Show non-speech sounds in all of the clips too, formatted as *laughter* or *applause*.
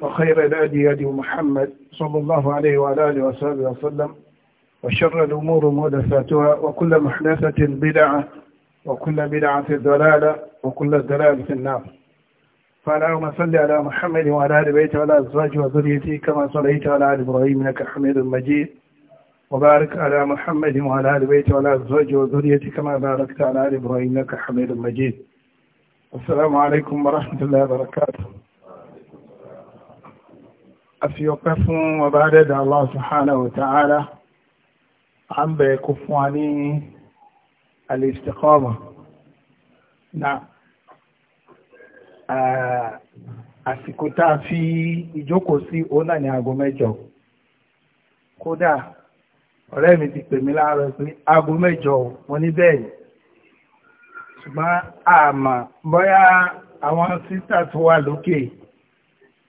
وخير الهدي هدي محمد صلى الله عليه وعلى آله وصحبه وسلم وشر الأمور محدثاتها وكل محدثة بدعة وكل بدعة ضلالة وكل ضلالة في النار فاللهم صل على محمد وعلى آل بيته وعلى أزواجه وذريته كما صليت على آل إبراهيم إنك حميد مجيد وبارك على محمد وعلى آل بيته وعلى أزواجه وذريته كما باركت على آل إبراهيم إنك حميد مجيد السلام عليكم ورحمة الله وبركاته àfi ọpẹ́ fún ọba adẹ́dà Allah subhanahu wa ta'ala a ń bẹ̀rẹ̀ fún wa ní al na àsìkò tá a fi ìjókòó sí òun ní aago mẹ́jọ kódà ọ̀rẹ́ mi ti pè láàárọ̀ pé aago mẹ́jọ wọn ní bẹ́ẹ̀ ṣùgbọ́n àmà bọ́yá àwọn sísà tó wà lókè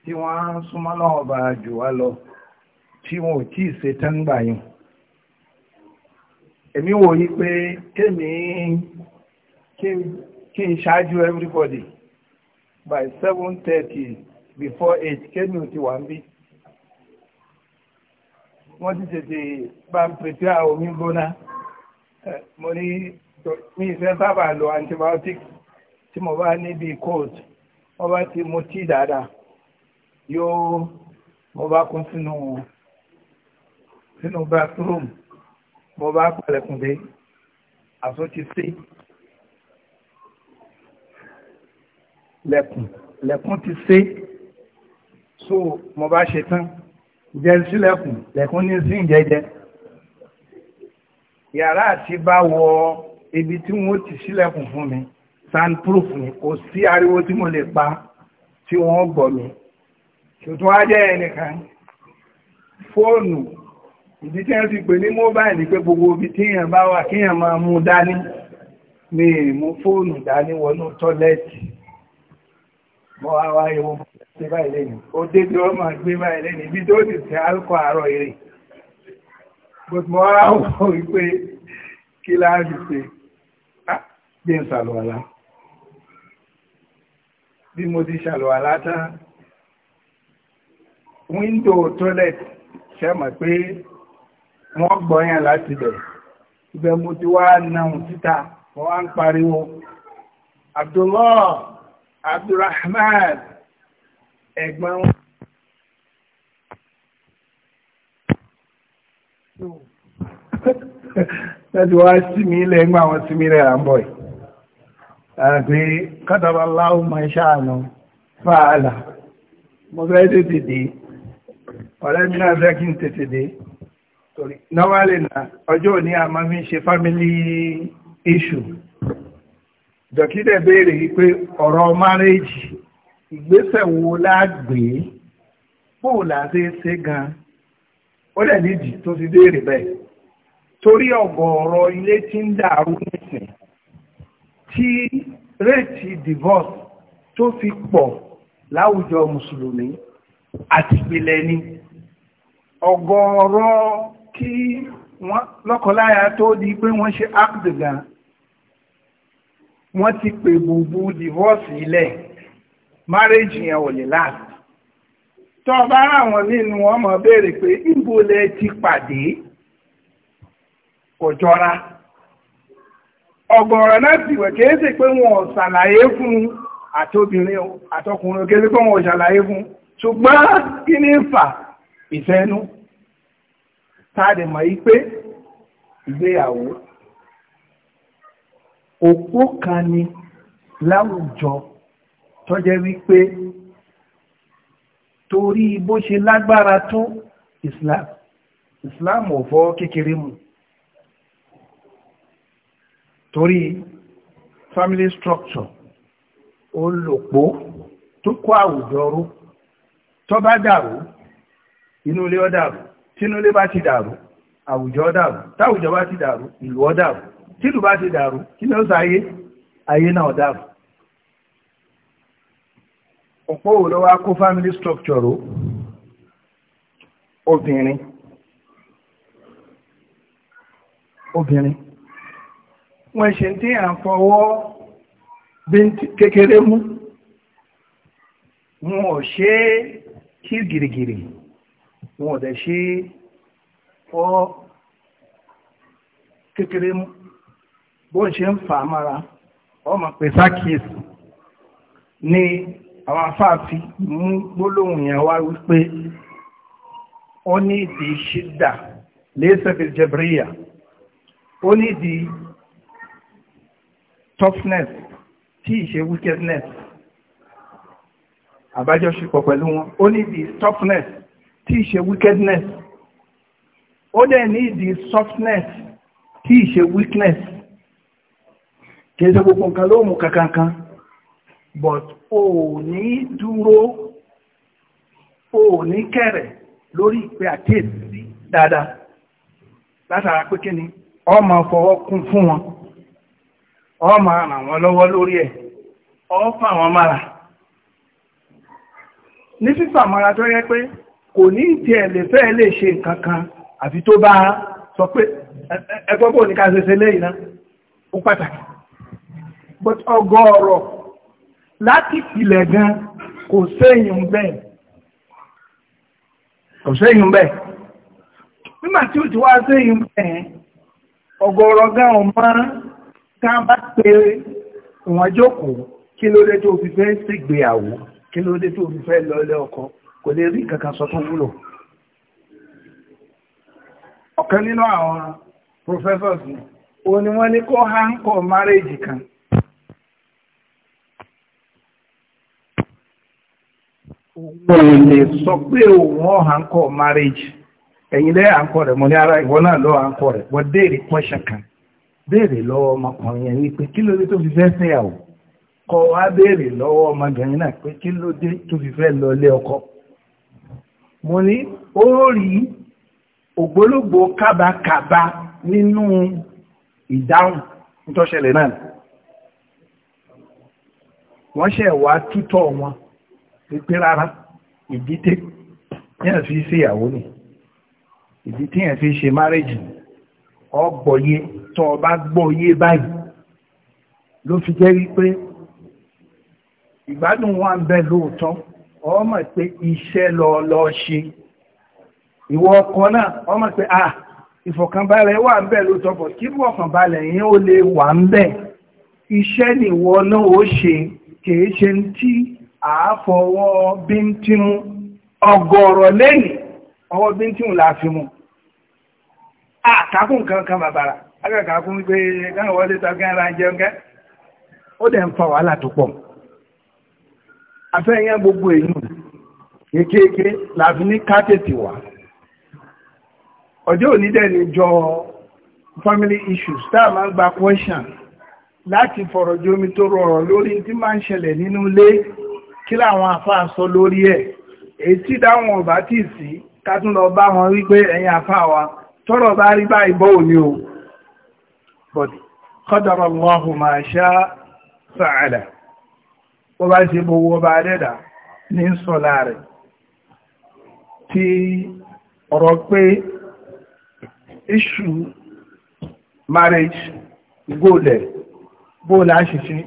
tí wọ́n á súnmọ́ náà bá jù wá lọ tí wọn ò tí ì ṣe tán gbà yín èmi wò yí pé kémi kí n ṣáájú everybody by seven thirty before eight kémi ò ti wà ń bí wọ́n ti tètè bá ń pèsè àwọn omi gbóná mo ní mi ìfẹ́ sábà lo antibiotics tí mo bá níbi cold wọ́n bá ti mu tí dáadáa yóò mo bá kún sínú sínú bathroom mo bá palẹ̀kùn dé àtún ti sí lẹ̀kùn lẹ̀kùn ti sí so mo bá ṣe tán jẹ́ sílẹ̀kùn lẹ̀kùn ní sí ìjẹjẹ yàrá àti bá wọ ibi tí wọ́n ti sílẹ̀kùn fún mi soundproof ni kò sí ariwo tí mo lè pa tí wọ́n gbọ́ mi ṣòtún wá jẹ́ ẹnìkan fóònù ìdí tí wọ́n fi pè ní mobile pé gbogbo ibi tí èèyàn bá wà kí èèyàn máa mú dání ní ìmú fóònù dání wọnú tọ́lẹ́ẹ̀tì mọ́ àwá ewu ṣe báyìí lẹ́yìn ó dé tí wọ́n máa gbé báyìí lẹ́yìn ibi tó sì ṣe alkọ àárọ̀ èrè gbogbo ara wọ́n wípé kí láàrín ṣe ah, bí n ṣàlùwàlá bí mo ti ṣàlùwàlá tán wíńdò toilet ṣe mọ̀ pé wọ́n gbọ́yàn láti bẹ̀ ibẹ̀ mo ti wá náà síta wọ́n wá ń pariwo Abdullah Abdulrahman ẹ̀gbọ́n wọn. *laughs* láti wá sí mi ilẹ̀ ẹgbẹ́ àwọn sí mi ilẹ̀ àmbọ̀ ẹ̀ àgbé kátàbà láhùn máa ṣáà náà fàálà mo fẹ́ tètè dé ọ̀rẹ́ mi náà fẹ́ kí n tètè dé torí ọjọ́ òní a máa ń ṣe family issue dọ̀kítẹ̀ béèrè pé ọ̀rọ̀ ìgbésẹ̀ wo láàgbé gan ó dẹ̀ nídìí tó torí ọ̀gọ̀ọ̀rọ̀ ilé ń dàrú nìsín tí réètì divorce tó fi àtìpìlẹ̀ ni ọ̀gọ̀ọ̀rọ̀ kí wọ́n lọ́kọláya tó di pé wọ́n ṣe ápùdùgà wọ́n ti pè gbogbo divorce ilẹ̀ marriage yẹn ò lè last tó bá ráwọn nínú ọmọ béèrè pé níbo lẹ ti pàdé kò jọra ọ̀gọ̀ọ̀rọ̀ láti wẹ̀ kéése pé wọn ṣàlàyé fún àtọkùnrin kéése pé wọn ṣàlàyé fún un ṣùgbọ́n kí ní fà ìfẹ́nú táàdì mọ̀ yí pé ìgbéyàwó òpó kan ni láwùjọ tọ́jẹ́ wípé torí bó ṣe lágbára tó Islam Islam ò fọ́ kékeré mu torí family structure ó lòpó tó kó àwùjọ rú tó bá dàrú inú ilé ó dàrú tínú ilé bá ti dàrú àwùjọ dàrú táwùjọ bá ti dàrú ìlú ó dàrú bá ti dàrú kí ló sáyé ayé náà dàrú ọ̀pọ̀ òwò wá kó family structure o obìnrin obìnrin wọ́n ṣe tí à ń fọwọ́ bí kékeré mú wọn ṣe é kí gìrìgìrì wọn ọ̀dẹ̀ ṣe fọ́ kékeré mú bó ṣe ń fà á mára ọmọ pè sákìsì ní àwọn afáàfi mú gbólóhùn yẹn wá wípé ó ní ìdí ṣídà lẹ́sẹ̀fẹ̀ jẹ̀bìríyà ó ní ìdí toughness tí ìṣe wickedness àbájọṣepọ̀ pẹ̀lú wọn ó ní the softness tí í wickedness ó dẹ̀ ní the softness tí í weakness kì í ṣe gbogbo nǹkan ló kankankan but ò ní dúró ò ní kẹ̀rẹ̀ lórí ìpè àkíyèsí dáadáa látara pé kí ni ọ máa fọwọ́ kún fún wọn ọ máa ràn wọ́n lọ́wọ́ lórí ẹ̀ ọ fà wọ́n mára ní sísàmọ́ra tó yẹ pé kò ní ìtì ẹ̀lẹ̀ fẹ́ lè ṣe nǹkan kan àfi tó bá sọ pé ẹgbọ́n ní ká ṣe lẹ́yìn náà ó pàtàkì but ọgọ́ọ̀rọ̀ láti ìpìlẹ̀ gan kò séyìn bẹ́ẹ̀ kò séyìn bẹ́ẹ̀ nígbà tí ó ti wá séyìn bẹ́ẹ̀ ọgọ́ọ̀rọ̀ gan ò máa tá bá pe wọ́n jókòó kí ló dé tó fi fẹ́ ṣègbéyàwó kí ló dé tó fẹ́ lọ ilé ọkọ kò lè rí kankan sọ tó wúlò ọ̀kan nínú àwọn professors o ni wọ́n ní kó hankọ̀ marriage kan lè sọ pé òun hankọ̀ marriage ẹ̀yin lẹ́ hankọ̀ rẹ̀ mo ní ara ìwọ náà lọ hankọ̀ rẹ̀ wọ́n kan béèrè lọ́wọ́ ọmọkùnrin kí ló dé tó kọ wá béèrè lọ́wọ́ ọmọbìnrin náà pé kí ló dé tó fi fẹ́ lọ lé ọkọ mo ní ó rí ògbólógbò kábàkàbà nínú ìdáhùn nítọ́ṣẹlẹ̀ náà wọ́n ṣẹ̀ wá tútọ̀ wọn pípé rárá ìdíté yẹn fi ṣe ìyàwó ni ìdí tí yẹn fi ṣe márèjì ọgbọ̀yé tó o bá gbọ́yé báyìí ló fi jẹ́ wípé ìgbádùn wa ń bẹ lóòótọ́ ọmọ pé iṣẹ́ lọ lọ ṣe ìwọ ọkọ náà ọmọ pé ah ìfọ̀kànbalẹ̀ wà ń bẹ lóòótọ́ bọ̀ kí ìfọ̀kànbalẹ̀ yẹn ó lè wà ń bẹ iṣẹ́ nìwọ náà ó ṣe kìí ṣe tí àáfọwọ́ bíntímú ọgọ́rọ̀ lẹ́yìn ọwọ́ bíntímú láàfimú àkàkùn kankan bàbàrà akẹ́kàkùn pé káwọn wọlé tọ́gán ra jẹun gẹ́ ó dẹ̀ ń fa wàhálà tó pọ̀ afẹ́yẹn gbogbo èyí kékeré láti ní kátẹ̀tì wà ọjọ́ òní dẹ̀ ní jọ family issues tá a máa gba question láti fọ̀rọ̀ jomi tó rọrọ̀ lórí tí máa ń ṣẹlẹ̀ nínú ilé kí láwọn àfáà sọ lórí ẹ̀ èyí tí dáwọn ọ̀bá tì sí ká tún lọ bá wọn wípé ẹ̀yin àfáà wa tọ́rọ̀ bá rí báyìí bọ́ òní o but qadarallahu ma sha fa'ala bó bá ṣe gbogbo ọba adẹ́dà ní sọ́lá rẹ̀ tí ọ̀rọ̀ pé issue marriage gólẹ̀ bóòlá ṣiṣẹ́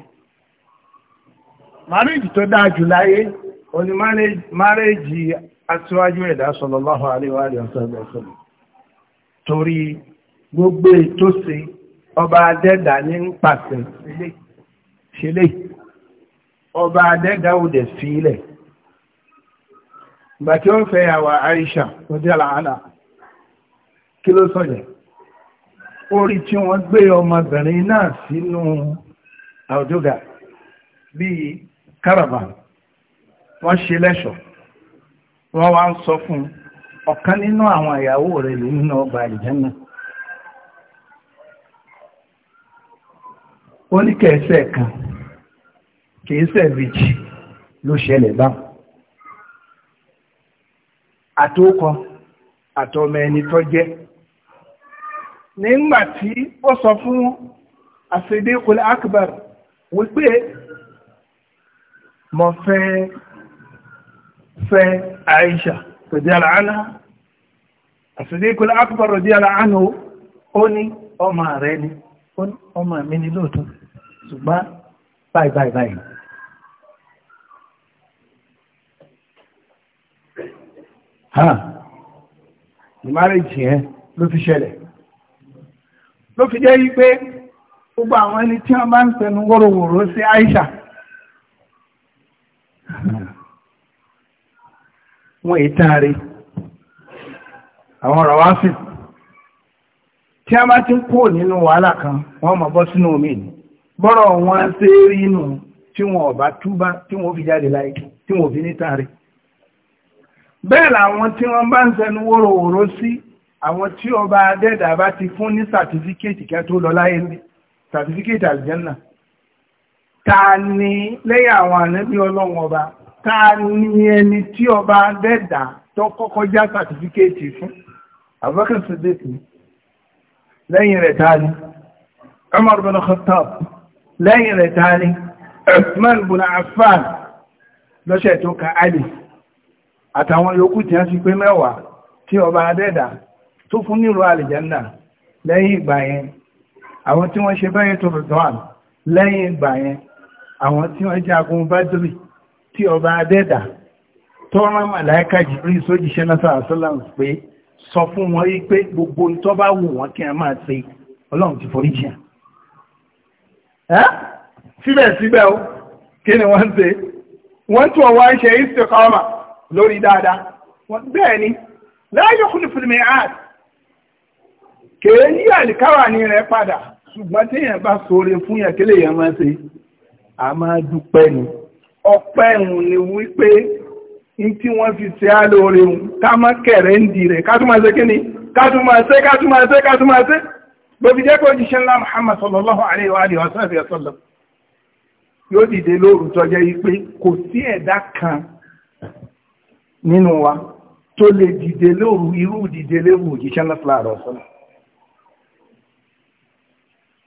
marriage tó dáa jù láyé o ni marriage aṣíwájú ẹ̀dá sallallahu alaihi wa sallam torí gbogbo ètò sí ọba adẹ́dà ní ń pàṣẹ sílé ọba adẹ́gà ò dẹ̀ fílẹ̀ ìgbà tí ó fẹ́ yàwó Aisha ọjọ́ àlàálà kí ló sọ̀yẹ̀ orí tí wọ́n gbé ọmọbìnrin náà sínú àwùjọ́gà bíi caravan wọ́n ṣe lẹ́ṣọ̀ wọ́n wá ń sọ fún ọ̀kan nínú àwọn ìyàwó rẹ̀ nínú ọba àlìjẹ́nà ó ní kẹ̀ẹ́sẹ̀ kan kìí sẹ̀ríjì ló ṣẹlẹ̀ bá àtókọ àtọmọ ẹni tó jẹ́ nígbà tí ó sọ fún As-Siddiqul Akbar wípé mo fẹ́ fẹ́ Aisha radiyallahu anha As-Siddiqul Akbar radiyallahu anhu ó ní ọmọ rẹ ni ó ní ọmọ mi ni lóòótọ́ ṣùgbọ́n báyìí báyìí báyìí ha ìmárèjì yẹn ló fi ṣẹlẹ̀ ló fi jẹ́ yí pé gbogbo àwọn ẹni tí wọ́n bá ń tẹnu wọ́rọ̀wọ̀rọ̀ sí Aisha wọ́n èyí táàrí àwọn ọ̀rọ̀ sí tí a bá ti ń kó nínú wàhálà kan wọ́n máa bọ́ sínú omi ni bọ́rọ̀ wọn ṣe rí inú tí wọn ò bá túbá tí wọn ò fi jáde láyé tí wọn fi ní táàrí bẹ́ẹ̀ làwọn tí wọ́n bá ń sẹnu wóróworó sí àwọn tí ọba adẹ́dà bá ti fún ní sàtífíkètì kẹ́ tó lọ láyé ní sàtífíkètì àlùjẹ́nà ta ni lẹ́yìn àwọn ànábí ọlọ́run ọba ta ni ẹni tí ọba adẹ́dà tó kọ́kọ́ já sàtífíkètì fún Abubakar Siddiq lẹ́yìn rẹ̀ Ali àtàwọn yòókù tí wọ́n ti pé mẹ́wàá tí ọba adẹ́dà tó fún nílò àlìjánà lẹ́yìn ìgbà yẹn àwọn tí wọ́n ṣe bẹ́yẹ tó rọ̀dọ́ àmì lẹ́yìn ìgbà yẹn àwọn tí wọ́n jagun bádìrì tí ọba adẹ́dà tó rán màláíkà jìbìrì sójíṣẹ́ lásàásọ́lá pé sọ fún wọn yí pé gbogbo tó bá wù síbẹ̀síbẹ̀ o kí ni wọ́n ń ṣe wọ́n tún ọwọ́ ṣe ìsìnkọ́mà lórí dáadáa bẹ́ẹ̀ ni láyé kúlù fìlìmì àt kèé yí àlìkáwà ní rẹ̀ padà ṣùgbọ́n tí yẹn bá sóre fún yẹn kílè yẹn máa ṣe a máa dúpẹ́ ni ọpẹ́ ìhùn ni wípé ní tí wọ́n fi ṣe á lóore hùn ká má kẹ̀rẹ́ ń di rẹ̀ ká tún máa ṣe kí ni ká tún máa ṣe ká tún máa ṣe ká tún máa ṣe gbogbo jẹ́ pé òjíṣẹ́ ńlá Muhammad sallallahu alaihi wa alihi wa sallam yóò dìde sí ẹ̀dá kan nínú wa tó lè dìde lóru irú dìde lóru òjíṣẹ́ lọ́sọ̀lá àrọ̀sọ́lá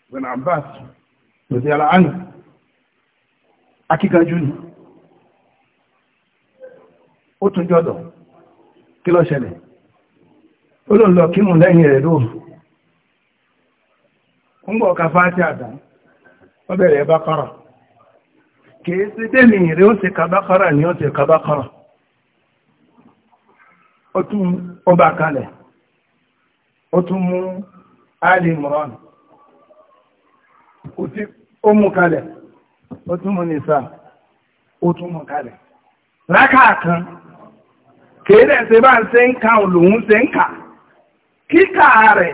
bin abbas lòdì aláàánú akíkanjú ni ó tún jọ́dọ̀ kí ló ṣẹlẹ̀ ó lò lọ kí mú lẹ́yìn rẹ̀ lóòrù ń gbọ́ ọ̀ka fáti àdá ó bẹ̀rẹ̀ bákọ́rọ̀ kìí sí dẹ́mì rẹ̀ ó sì kàbákọ́rọ̀ ni ó sì kàbákọ́rọ̀ ó tún ọba kalẹ̀ ó tún mú Ali Imran ó mú kalẹ̀ ó tún mú nìsà ó tún mú kalẹ̀ rákà kan kéèdè ṣe bá ń ṣe ń ka òlòun ṣe ń kà kíkà rẹ̀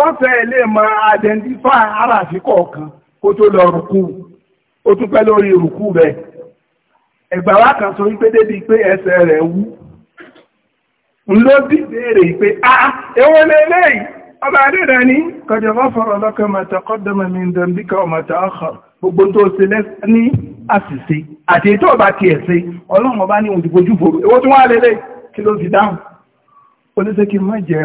ọ́fẹ́ lè mọ àdẹ́ndífà ara àfikọ̀ kan kó tó lọ rùkú ó tún pẹ́ lórí rùkú rẹ̀ ẹgbàwá kan sọ wípé débi pé ẹsẹ̀ rẹ̀ wú ló bí béèrè pé àà ah, ewé lélẹ́yìí ọba adẹ́dà ní kọjọba fọ́rọ̀ lọ́kọ̀ mata kọ́dọ̀mọ̀ mi dọ̀mbíkà ọmọta ọkọ̀ gbogbo tó ṣe ní àṣìṣe àti ètò ọba ti ẹ̀ṣẹ̀ ọlọ́run ọba ní òdìbojúbò ewó tó wà lélẹ̀ kí ló fi dáhùn oníṣẹ́ kí má jẹ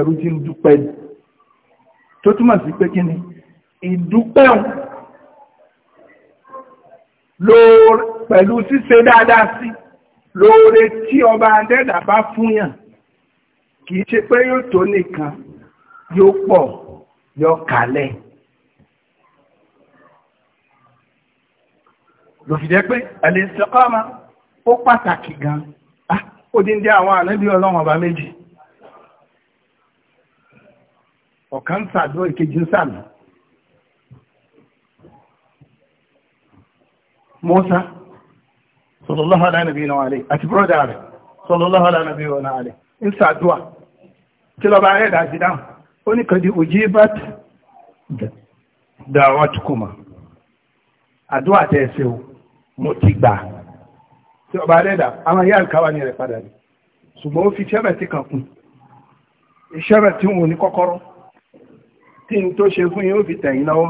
kì í ṣe pé yóò tó nìkan yóò pọ̀ yóò kalẹ̀ lòfìdẹ́ pé al ó pàtàkì gan ah, ó dín dé àwọn ànábì ọlọ́run ọba méjì ọ̀kan sàdó ìkejì sàmì Musa sallallahu ala nabiyina wa àti brọ́dà rẹ̀ sallallahu ala nabiyina wa alayhi ń tí lọ́ba rẹ̀ dà sí dáhùn ó ní kàdí òjì bá dàrọ́ tukùmà àdúrà tẹ̀ ṣe o mo ti gbà tí ọba rẹ̀ dà àwọn yára káwa ní rẹ̀ padà ní ṣùgbọ́n ó fi ṣẹ́bẹ̀tì kan kún ìṣẹ́bẹ̀tì òun ní kọ́kọ́rọ́ tí n tó ṣe fún yóò fi tẹ̀yìn lọ́wọ́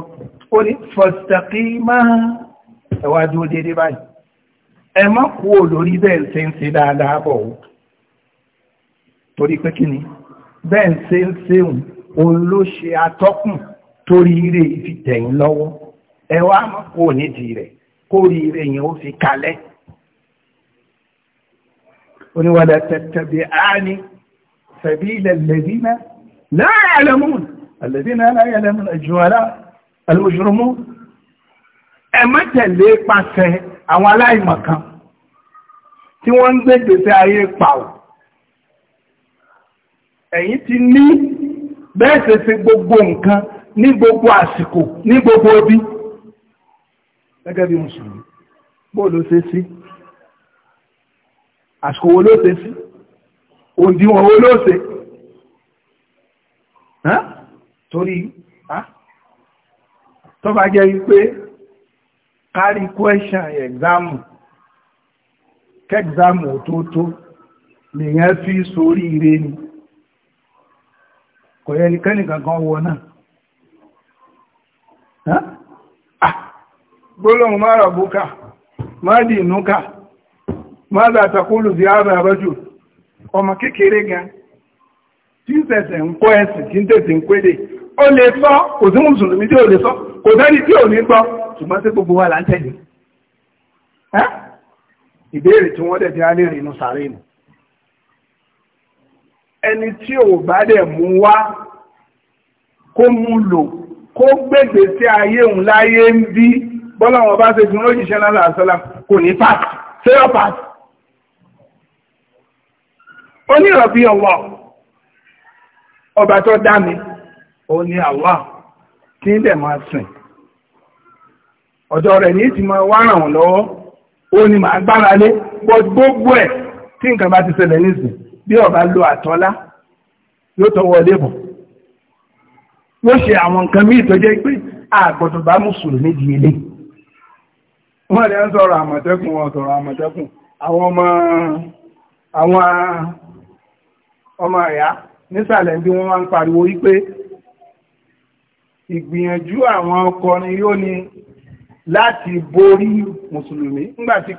ó ní fọ́sítàkì máa ẹ̀wà dúró déédéé báyìí ẹ má kú ò lórí bẹ́ẹ̀ ṣe ń ṣe dáadáa bọ̀ o torí pé kí ni bẹ́ẹ̀ ṣe ń ṣeun òun ló ṣe atọ́kùn torí ire ìfitẹ̀yìn lọ́wọ́ ẹ wá mọ̀ kó o nídìí rẹ̀ kó rí ire yẹn ó fi kalẹ̀ oníwàdà tẹ̀tẹ̀bẹ̀ áni tẹ̀bí ilẹ̀ lẹ́dínà láàrín alẹ́mùn alẹ́dínà láàrín alẹ́mùn àjùwàlá alùmùsùrùmù ẹ má tẹ̀lé pàṣẹ àwọn aláìmọ̀kan tí wọ́n ń gbé gbèsè ayé pàwọ̀ ẹ̀yin ti ní bẹ́ẹ̀ ṣe ṣe gbogbo nǹkan ní gbogbo àsìkò ní gbogbo ibi gẹ́gẹ́ bí mùsùlùmí bó ló ṣe sí àsìkò wo ló ṣe sí òǹdíwọ̀n wo ló ṣe torí tó bá jẹ́ wípé kárí question exam kẹ́gzámù tó tó lèyàn fi sórí ire ni. kò yẹ ẹnikẹ́ni kankan wọ náà ah! gbólóhùn má ràbúkà má dìnúkà má zàtàkúlù sí ààbà rọ́jù ọmọ kékeré gan tí ń sẹ̀sẹ̀ ń kọ́ ẹ̀sìn tí ń tẹ̀sẹ̀ ń pédè ó lè kò sí mùsùlùmí tí lè sọ kò sẹ́ni tí ò ní gbọ́ ṣùgbọ́n sí gbogbo wa ìbéèrè tí wọ́n dẹ̀ ti sàárè nù ẹni tí ò bá dẹ̀ mú wá kó mú lò kó gbègbè sí ayé òun láyé ń bí bọ́lá wọn bá ṣe fún lójíṣẹ́ lára àṣọlá kò ní pàt ṣé ó pàt ọwọ́ ọba tó dá mi ó ní àwọ̀ kí ń dẹ̀ máa sìn ọ̀dọ̀ rẹ̀ ní ti máa wá ràn wọ́n lọ́wọ́ ó ní màá gbára lé gbogbo ẹ̀ tí nǹkan bá ti ṣẹlẹ̀ nísìnyí bí ọba lo àtọ́lá yóò tọwọ́ lébùn yóò ṣe àwọn nǹkan míì tó jẹ́ pé àgbọ̀dọ̀ bá mùsùlùmí di ilé wọ́n rẹ̀ ń sọ̀rọ̀ àmọ̀tẹ́kùn wọn sọ̀rọ̀ àmọ̀tẹ́kùn àwọn ọmọ àwọn ọmọ ẹ̀yà nísàlẹ̀ bí wọ́n máa ń pariwo wípé ìgbìyànjú àwọn ọkọrin yóò ní láti borí mùsùlùmí nígbàtí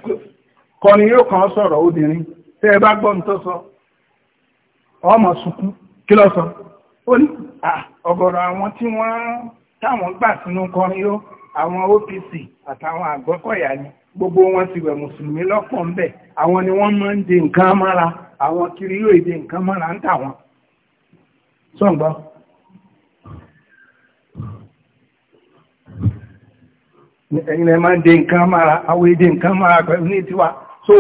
kọrin yóò kàn sọ̀rọ̀ obìnrin tẹ́ ẹ bá gbọ́n tó sọ ọmọ sùkú kí lọ sọ ó ní ọ̀gọ̀rọ̀ àwọn tí wọ́n táwọn gbà sínú kọrin yó àwọn OPC àtàwọn àgbọ́kọ̀yà ni gbogbo wọn ti wẹ̀ mùsùlùmí lọ́pọ̀ ńbẹ̀ àwọn ni wọ́n máa ń de nǹkan mọ́ra àwọn kiri yóò de nǹkan mọ́ra ń tà wọn sọ̀gbọ́. ẹ̀yin náà máa ń de nǹkan mọ́ra àwọn èdè nǹkan mọ́ra pẹ̀lú ní tiwa so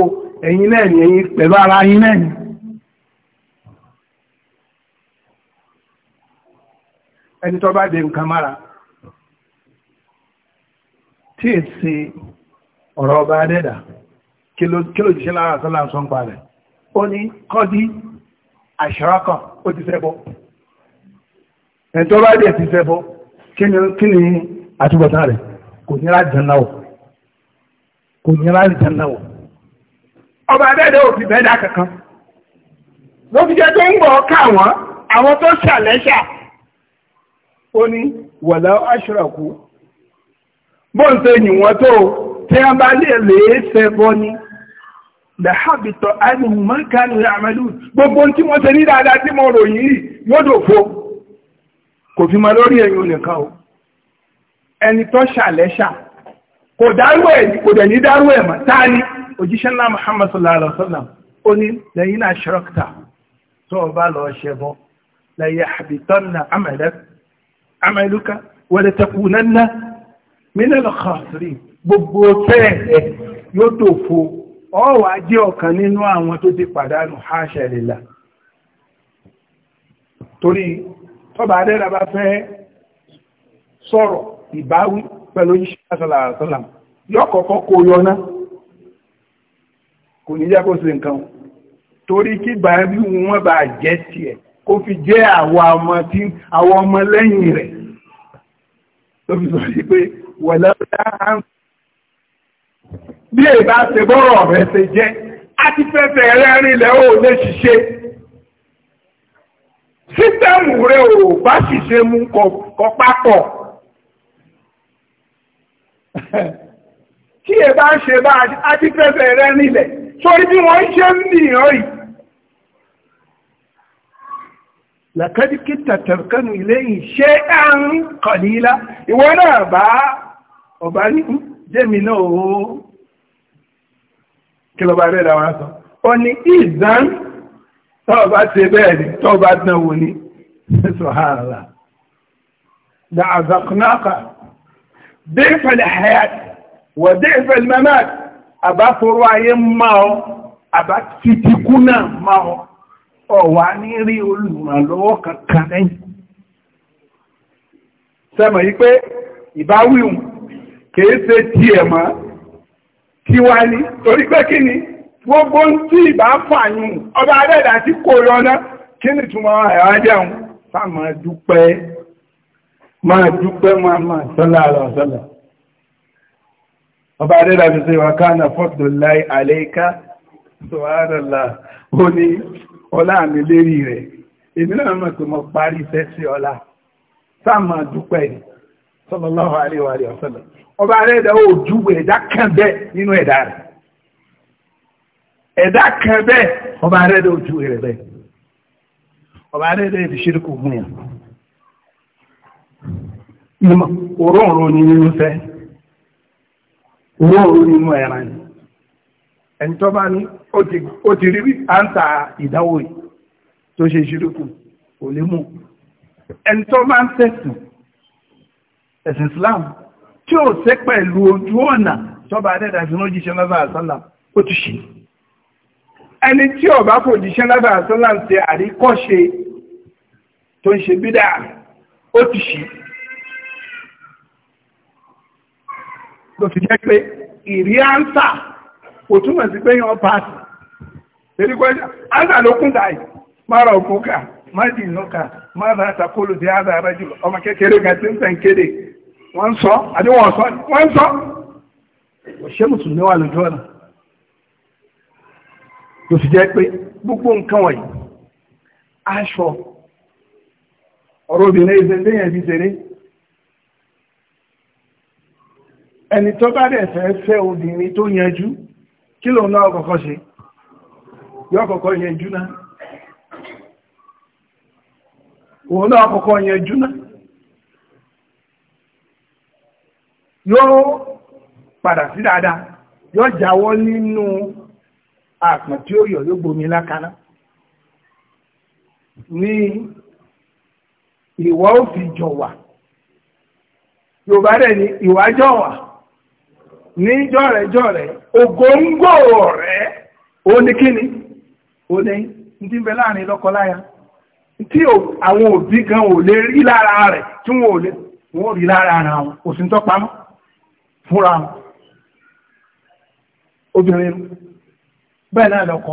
ẹ̀yin náà ẹ̀yin pẹ̀lú ara yín náà ẹni tó bá dé nǹkan mára tí è ṣe ọ̀rọ̀ ọba adẹ́dà kí ló jíṣẹ́ lára sọ́lá sọ́n pa rẹ̀ ó ní kọ́dí àṣírákọ̀ ó ti ṣẹbọ ẹni tó bá dé ti ṣẹbọ kí ni àtúbọ̀tán rẹ̀ kò ní láti jẹun náà kò ní láti jẹun náà ọba adẹ́dẹ́ ò fi bẹ́ẹ̀ dá kankan ló fi jẹ́ tó ń bọ̀ ọ́ káwọn àwọn tó ṣàlẹ́ṣà ó ní wọ̀lá aṣọ́ràkú bọ́ǹtẹ̀ yìnwọ́n tó tí a bá lè lè ṣe bọ́ ní lẹ́hàbìtọ̀ ánìyàn mọ́kànlú àmàlù gbogbo tí wọ́n ṣe ní dáadáa tí mo rò yìí yóò dòfo kò fi ma lórí ẹ̀yìn nìkan o ẹni tó ṣàlẹ́ṣà kò dárú ẹ̀ kò dẹ̀ ní dárú ẹ̀ mọ́ tá ní òjíṣẹ́ ńlá Muhammad sallallahu ó ní lẹ́yìn náà ṣọ́rọ́kítà tó o lọ ṣẹbọ lẹ́yìn àbìtọ́ nà àmàlẹ́kù amaluka wala takunanna min al-khasirin gbogbo tẹ́ẹ̀ yóò dòfo ọ wá jẹ́ ọ̀kan nínú àwọn tó ti pàdánù haṣa lillah torí tọ́bà adẹ́ra bá fẹ́ sọ̀rọ̀ ìbáwí pẹ̀lú iṣẹ́ àṣàlàṣàlà yọ́kọ̀ọ́kọ́ kò yọná kò ní jẹ́ kó sí nǹkan torí kí bàá rí wọn bá jẹ́ tiẹ̀ ó fi jẹ́ àwọn ọmọ tí àwọn ọmọ lẹ́yìn rẹ̀ tó fi sọ sí pé wọ̀lẹ́wọ̀lẹ́ bí èbá ṣe bọ́rọ̀ rẹ̀ ṣe jẹ́ a ti fẹ́fẹ́ rẹ̀ rinlẹ̀ ó lè ṣiṣẹ́ sítẹ́mù rẹ̀ ò bá ṣiṣẹ́ mú kọ pápọ̀ kí èbá ṣe bá a ti fẹ́fẹ́ rẹ̀ rinlẹ̀ sórí bí wọ́n ṣe ń nìyàn yìí làkàdí kí tàtàkánù ilé ìṣe àrùn kọ̀lílá ìwọ náà bá ọba ní jẹ́mi náà oó kí lọ́ba rẹ̀ ra wá sọ ọ ní ìzán tọ́ọ̀bá ṣe bẹ́ẹ̀ ni tọ́ọ̀bá dán wò ní sọ̀hánàlá da àzàkùnáka dẹ́fẹ̀lẹ̀ hayat wà dẹ́fẹ̀lẹ̀ mamat àbá fọrọ ayé máa ọ àbá náà máa ọ̀wà ní rí olùrànlọ́wọ́ kankan lẹ́yìn sẹ́mọ̀ yí pé ìbáwíhùn kìí ṣe tí ẹ̀ mọ́ tí wá ní torí pé kí ni gbogbo ń tí ìbá fàyùn ọba adẹ́dà tí kò lọ́nà kí ni túnmọ̀ ẹ̀wà jẹun sáàmà dúpẹ́ máa dúpẹ́ máa máa sọ́lá àlọ́ sọ́lá ọba adẹ́dà fi ṣe wà kánà fọ́tò láì àlẹ́ká sọ́hánàlá ó ní ọlá mi lérí rẹ̀ èmi náà mọ̀ pé parí fẹ́ sí ọlá sáàmà dúpẹ́ ni sallallahu alaihi wa alihi ọba rẹ̀ ẹ̀dá ò ẹ̀dá kan nínú ẹ̀dá rẹ̀ ẹ̀dá kan ọba rẹ̀ rẹ̀ ọba rẹ̀ yàn ìmọ̀ ni nínú fẹ́ nínú ẹ̀ràn ẹni ó ti rí àǹtà ìdáwó yìí tó ṣe ṣírùkù kò lè mú ẹni tó máa ń tẹ̀sùn ẹ̀sìn Islam tí ó sẹ́ pẹ̀lú ojú ọ̀nà tọ́ba adẹ́dà sínú jíṣẹ́ lọ́bà àṣálà ó ti ṣe ẹni tí ọba kò jíṣẹ́ lọ́bà àṣálà ń ṣe àríkọ́ṣe tó ń ṣe bídà ó ti ṣe ló jẹ́ pé ìrí àǹtà kò túmọ̀ sí pé yàn pàṣẹ Èdè kwẹ́sà, ánsà ló kún mara òkúkà, májì ìnúkà, mara àtàkólù tí áza ara jùlọ, ọmọ kékeré ga tí ń tẹ̀ ń kéde. Wọ́n sọ, àbí wọ́n sọ, wọ́n sọ. Òṣè Mùsùlùmí wà lójú ọ̀nà. Ló fi jẹ́ pé gbogbo nǹkan wọ̀nyí, aṣọ, ọ̀rọ̀ obìnrin ìzẹ̀ndéyàn fi ṣeré, ẹni tó bá dẹ̀ fẹ́ fẹ́ obìnrin tó yanjú kí lòun náà kọ́kọ́ ṣe yọ ọkọkọ yẹn júná òun náà kọ̀kọ́ yẹn júná yóò padà sí dáadáa yóò jáwọ́ nínú àpọ̀ tí ó yọ̀ yóò gbomi lákana ní ìwà ó fi jọ̀wà Yorùbá rẹ̀ ní ìwà jọ̀wà ní jọ̀rẹ̀jọ̀rẹ̀ ògóńgò rẹ̀ ó ó lẹ́yìn ní ti ń bẹ láàrin lọ́kọláya tí àwọn òbí gan ò lè rí lára rẹ̀ tí wọn ò lè wọ́n rí lára ara wọn kò sí ń tọ́pamọ́ fúnra wọn obìnrin bẹ́ẹ̀ náà lọ́kọ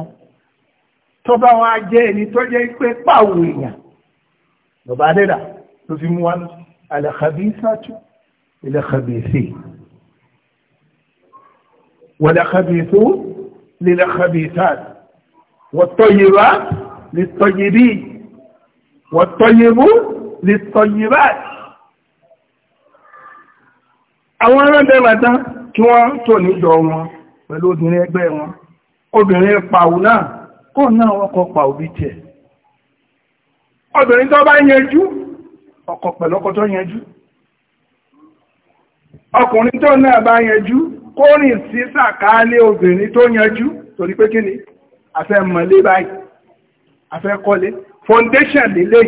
tó bá wọn á jẹ́ ẹni tó jẹ́ pé pàwò èèyàn bàbá adẹ́dà ló fi mú wa al-khabīthātu lil-khabīthīn wal-khabīthūna lil-khabīthāt wọ̀tọ̀yìnbá lè tọ̀yìnbí wọ̀tọ̀yìnbú lè tọ̀yìnbá. àwọn arábẹ́ bàtá kí wọ́n tò níjọ wọn pẹ̀lú obìnrin ẹgbẹ́ wọn obìnrin pàwù náà kó náà wọ́n kọ pàwù bí tiẹ̀ obìnrin tó bá yẹjú ọkọ pẹ̀lọ́kọ tó yẹjú ọkùnrin tó náà bá yẹjú kó rìn sí sàkáálé obìnrin tó yẹjú torí pé kí ni afẹ́mọ̀lé báyìí afẹ́kọ́lé foundation lélẹ̀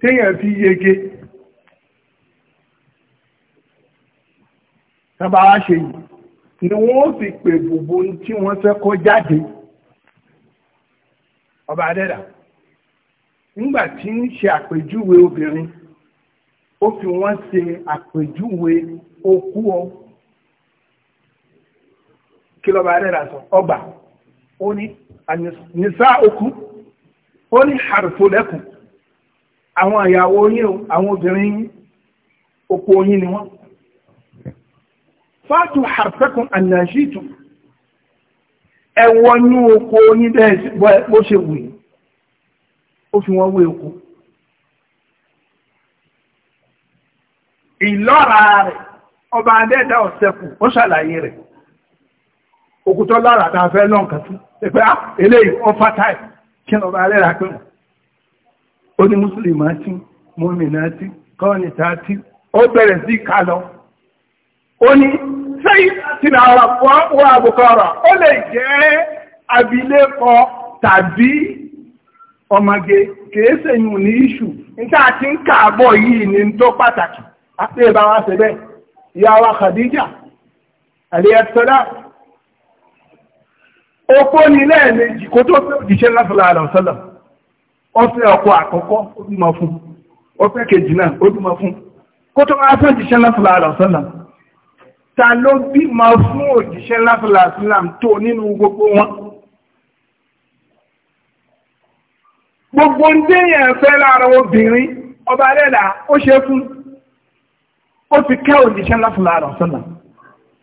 téèyàn fi yege tọba wá ṣe yìí ni wọ́n fi pè gbogbo tí wọ́n fẹ́ kọ́ jáde ọba adẹ́dà nígbà tí ń ṣe àpèjúwe obìnrin ó fi wọ́n ṣe àpèjúwe okú ọ kí lọ́ba adẹ́dà sọ ọgbà ó ní nisa'ukum ó ní harfu lakum àwọn àyàwó yín o àwọn obìnrin yín òpó yín ni wọ́n fatu harfakum annashitu ẹwọ́ ní òpó yín bẹ́ẹ̀ bó ṣe wù yín ó fi wọ́n wé òpó ìlọ́ra rẹ̀ ọba adẹ́dà ọ̀sẹ̀kù ó ṣàlàyé rẹ̀ òkútọ́ lára tàfẹ́ lọ́nkà fún pẹ̀pẹ́ ah, eléyìí ọfà táì kí lọ bá rẹ́ra pé wọ́n ó ní mùsùlùmí àti mùmìnà àti kọ́ọ̀nìtà àti ó bẹ̀rẹ̀ sí kálọ̀ ó ní sẹ́yìn tí na ọ̀rọ̀ fún àbùkọ́rọ̀ ó lè jẹ́ abilékọ tàbí ọmọge kèése yùn ní iṣu níta àti ń kààbọ̀ yìí ní tó pàtàkì àti ìbáwá ṣe bẹ́ẹ̀ ìyá Khadija àlẹ́ ẹ̀sọ́dá opó ni lẹ́ẹ̀mejì kó tó fẹ́ òjíṣẹ́ lásọ̀lá àlọ́sọ́lọ̀ ó fẹ́ ọkọ àkọ́kọ́ ó bímọ fún ó fẹ́ kejì náà ó bímọ fún kó tó wá fẹ́ òjíṣẹ́ lásọ̀lá àlọ́sọ́lọ̀ ta ló bímọ fún òjíṣẹ́ lásọ̀lá àlọ́sọ́lọ̀ tó nínú gbogbo wọn. gbogbo ń déyàn fẹ́ lára obìnrin ọba rẹ̀ là ó ṣe fún ó ti kẹ́ òjíṣẹ́ lásọ̀lá àlọ́sọ́lọ̀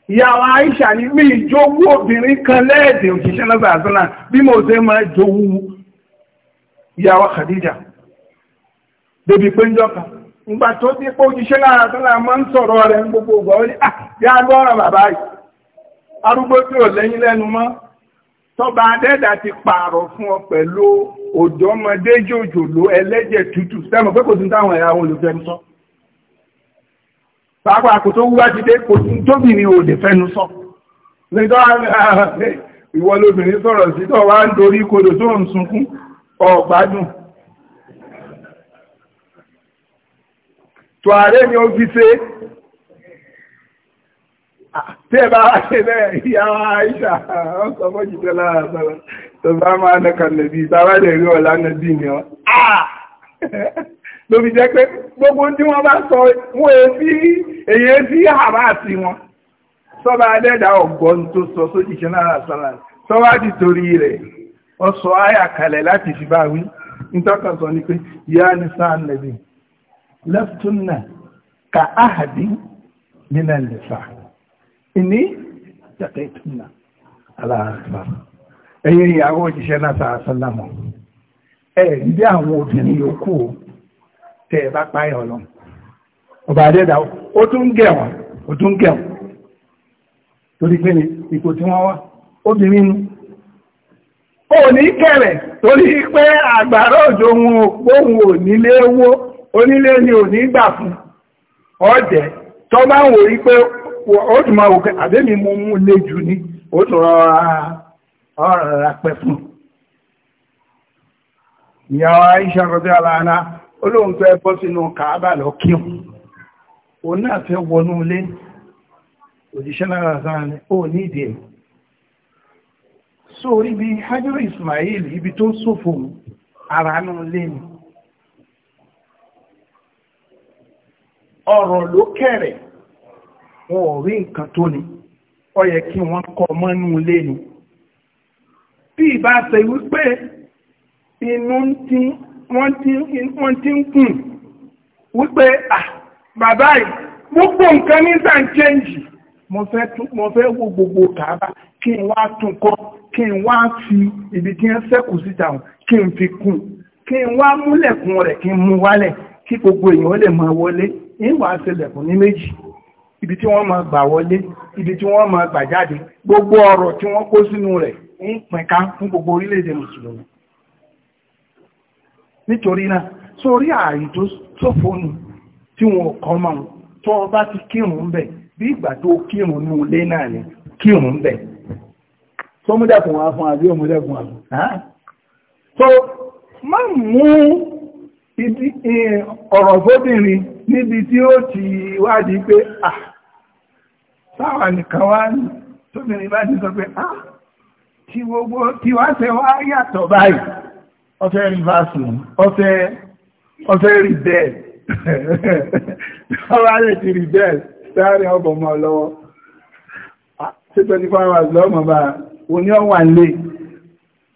ìyàwó Aisha ní mi ìjógú obìnrin kan lẹ́ẹ̀dẹ̀ òṣìṣẹ́ lọ́sà àṣọ́là bí mo ṣe máa jowú ìyàwó Khadija débi pé ń jọka ìgbà tó dé pé òṣìṣẹ́ lára àṣọ́là máa ń sọ̀rọ̀ rẹ̀ gbogbo ọgbà ó ní àbí ah, agbọ́rọ̀ bàbá yìí arúgbó tí ò lẹ́yìn lẹ́nu mọ́ pàápàá kò tó wúwá ti dé kò tóbi ni ò lè fẹ́nu sọ ah, eh, ìwọ lóbìnrin sọ̀rọ̀ sí tọ́ wá ń dorí kodò tó ń sunkún ọ̀gbádùn tó ààrẹ ni ó fi ṣe ah, tẹ́bà ṣe bẹ́ẹ̀ ìyàwó àìṣà ọkọ̀ mọ́jìtẹ́ lára sọ́rọ̀ tó bá máa nẹ́kàn lẹ́bí ìtàwádẹ̀ rí ọ̀lá nẹ́bí ni ọ *laughs* ló fi jẹ́ pé gbogbo tí wọ́n bá sọ wọ́n èsí èyí sí àbá àti wọn sọ́ba adẹ́dà ọ̀gbọ́n tó sọ sójìṣẹ́ náà sọ́la sọ́wá ti torí rẹ̀ wọ́n sọ áyà kalẹ̀ láti fi bá wí nítọ́ka ni pé yá ni sáà nẹ̀bí lẹ́fùtúnà ka áhàdí nínú ẹ̀lẹ́fà ìní tẹ̀kẹ́túnà aláàfà ẹ̀yẹ ìyàwó òjìṣẹ́ náà sọ́la mọ́ ẹ̀ ní bí àwọn obìnrin yòókù o. tẹ́ ẹ bá páyà ọlọ́run ọba adẹ́dà ó tún gẹ̀ wọ́n ó tún gẹ̀ wọ́n torí pé ipò tí wọ́n wá obìnrin nu ó ní kẹ̀rẹ̀ torí pé àgbàrá wọn òpóhùn onílé onílé ni ò ní gbà fún ọ̀dẹ̀ tó bá ń wò pé ó tún máa wò pé mú mú lé jù ní ó tún rọra ọ̀rọ̀ olóhun tó ẹbọ́ sínú kàábà lọ kíhùn òun náà fẹ́ wọnú ilé òjíṣẹ́ lára sára ní ó ní ìdí ẹ̀ so ibi hajjọ́ Ismail ibi tó sófò ara nú ilé ni ọ̀rọ̀ ló kẹ̀rẹ̀ wọn ò rí nǹkan tó ni ó kí wọ́n kọ́ mọ́nú ilé ni bí ìbá wípé inú ń tín wọ́n ti ń kùn wípé bàbá yìí gbogbo nǹkan ní sàn chẹ́ǹjì mo fẹ́ wo gbogbo kàábà kí n wá tún kọ́ kí n wá fi ibi tí ń sẹ́kù síta hàn kí n fi kùn kí n wá múlẹ̀kùn rẹ̀ kí n mú wálẹ̀ kí gbogbo èèyàn lè máa wọlé ìwà àṣẹlẹ̀kùn ní méjì ibi tí wọ́n máa gbà wọlé ibi tí wọ́n máa gbà jáde gbogbo ọ̀rọ̀ tí wọ́n kó sínú rẹ̀ ń pẹ̀ka fún gbogbo orílẹ̀-èdè mùsùlùmí nítorí náà sórí ààyè tó sófónù tí wọn kọ́ máa tó bá ti kírun ń bẹ̀ bí ìgbà tó kírun ní ilé náà ni kírun ń bẹ̀. sọmúdẹ̀kùn wa fún àbí òmúdẹ̀kùn àbí. so má mú ọ̀rọ̀ fóbìnrin níbi tí ó ti wádìí pé ah sáwà nìkan wá ní tóbìnrin bá ti sọ pé ah tí gbogbo tí wá ṣe wá yàtọ̀ báyìí ọfẹ́ rìvásì ọfẹ́ rìbẹ́ẹ̀ ọwọ́ ayé ti rìbẹ́ẹ̀ sáàrin ọbọ̀ mọ́ lọ́wọ́ 24 ah, hours lọ́mọ̀ bá oní ọwà lè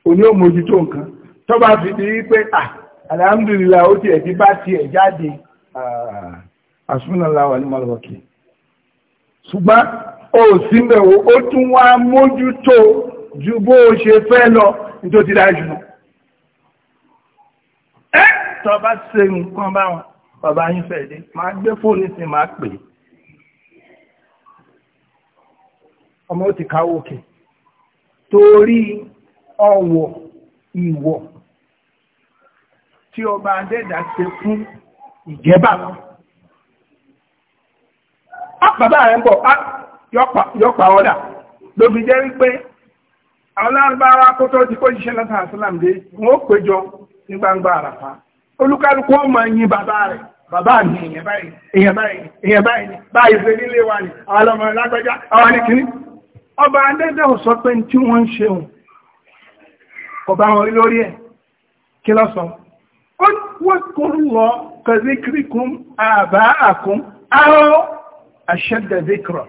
oní òmójútó nǹkan tó bá fi di wípé ah, alhamdulillah ó ti ẹ̀dí bá ti ẹ̀ jáde àṣúnàláwà ní malọ́kì ṣùgbọ́n ó sí mẹ́wọ́ ó tún wá mójútó ju bó ṣe fẹ́ lọ nítorí dájú náà tọ́ bá ṣe nǹkan bá wọn bàbá yín fẹ́ dé máa gbé fóònù sí máa pè ọmọ ó ti torí ọwọ ìwọ̀ tí ọba adẹ́dà ṣe fún ìjẹba lọ. a rẹ̀ ń bọ̀ yọpa ọ̀dà lóbi jẹ́ wípé àwọn ti kó jíṣẹ́ lọ́sàn àṣìlám wọ́n ní olúkálùkù ọmọ yìí bàbá rẹ̀ bàbá mi èèyàn báyìí èèyàn báyìí èèyàn báyìí báyìí ṣe nílé wa ni àwọn ọmọ lágbẹ́já àwọn ní kìíní ọba adẹ́dẹ́ ò sọ pé tí wọ́n ń ṣe òun ọba wọn lórí ẹ̀ kí lọ sọ wọ́n kò lọ kazikrikum àbáàkún áwọ́ àṣẹ́dẹ̀dẹ́kọ̀rọ̀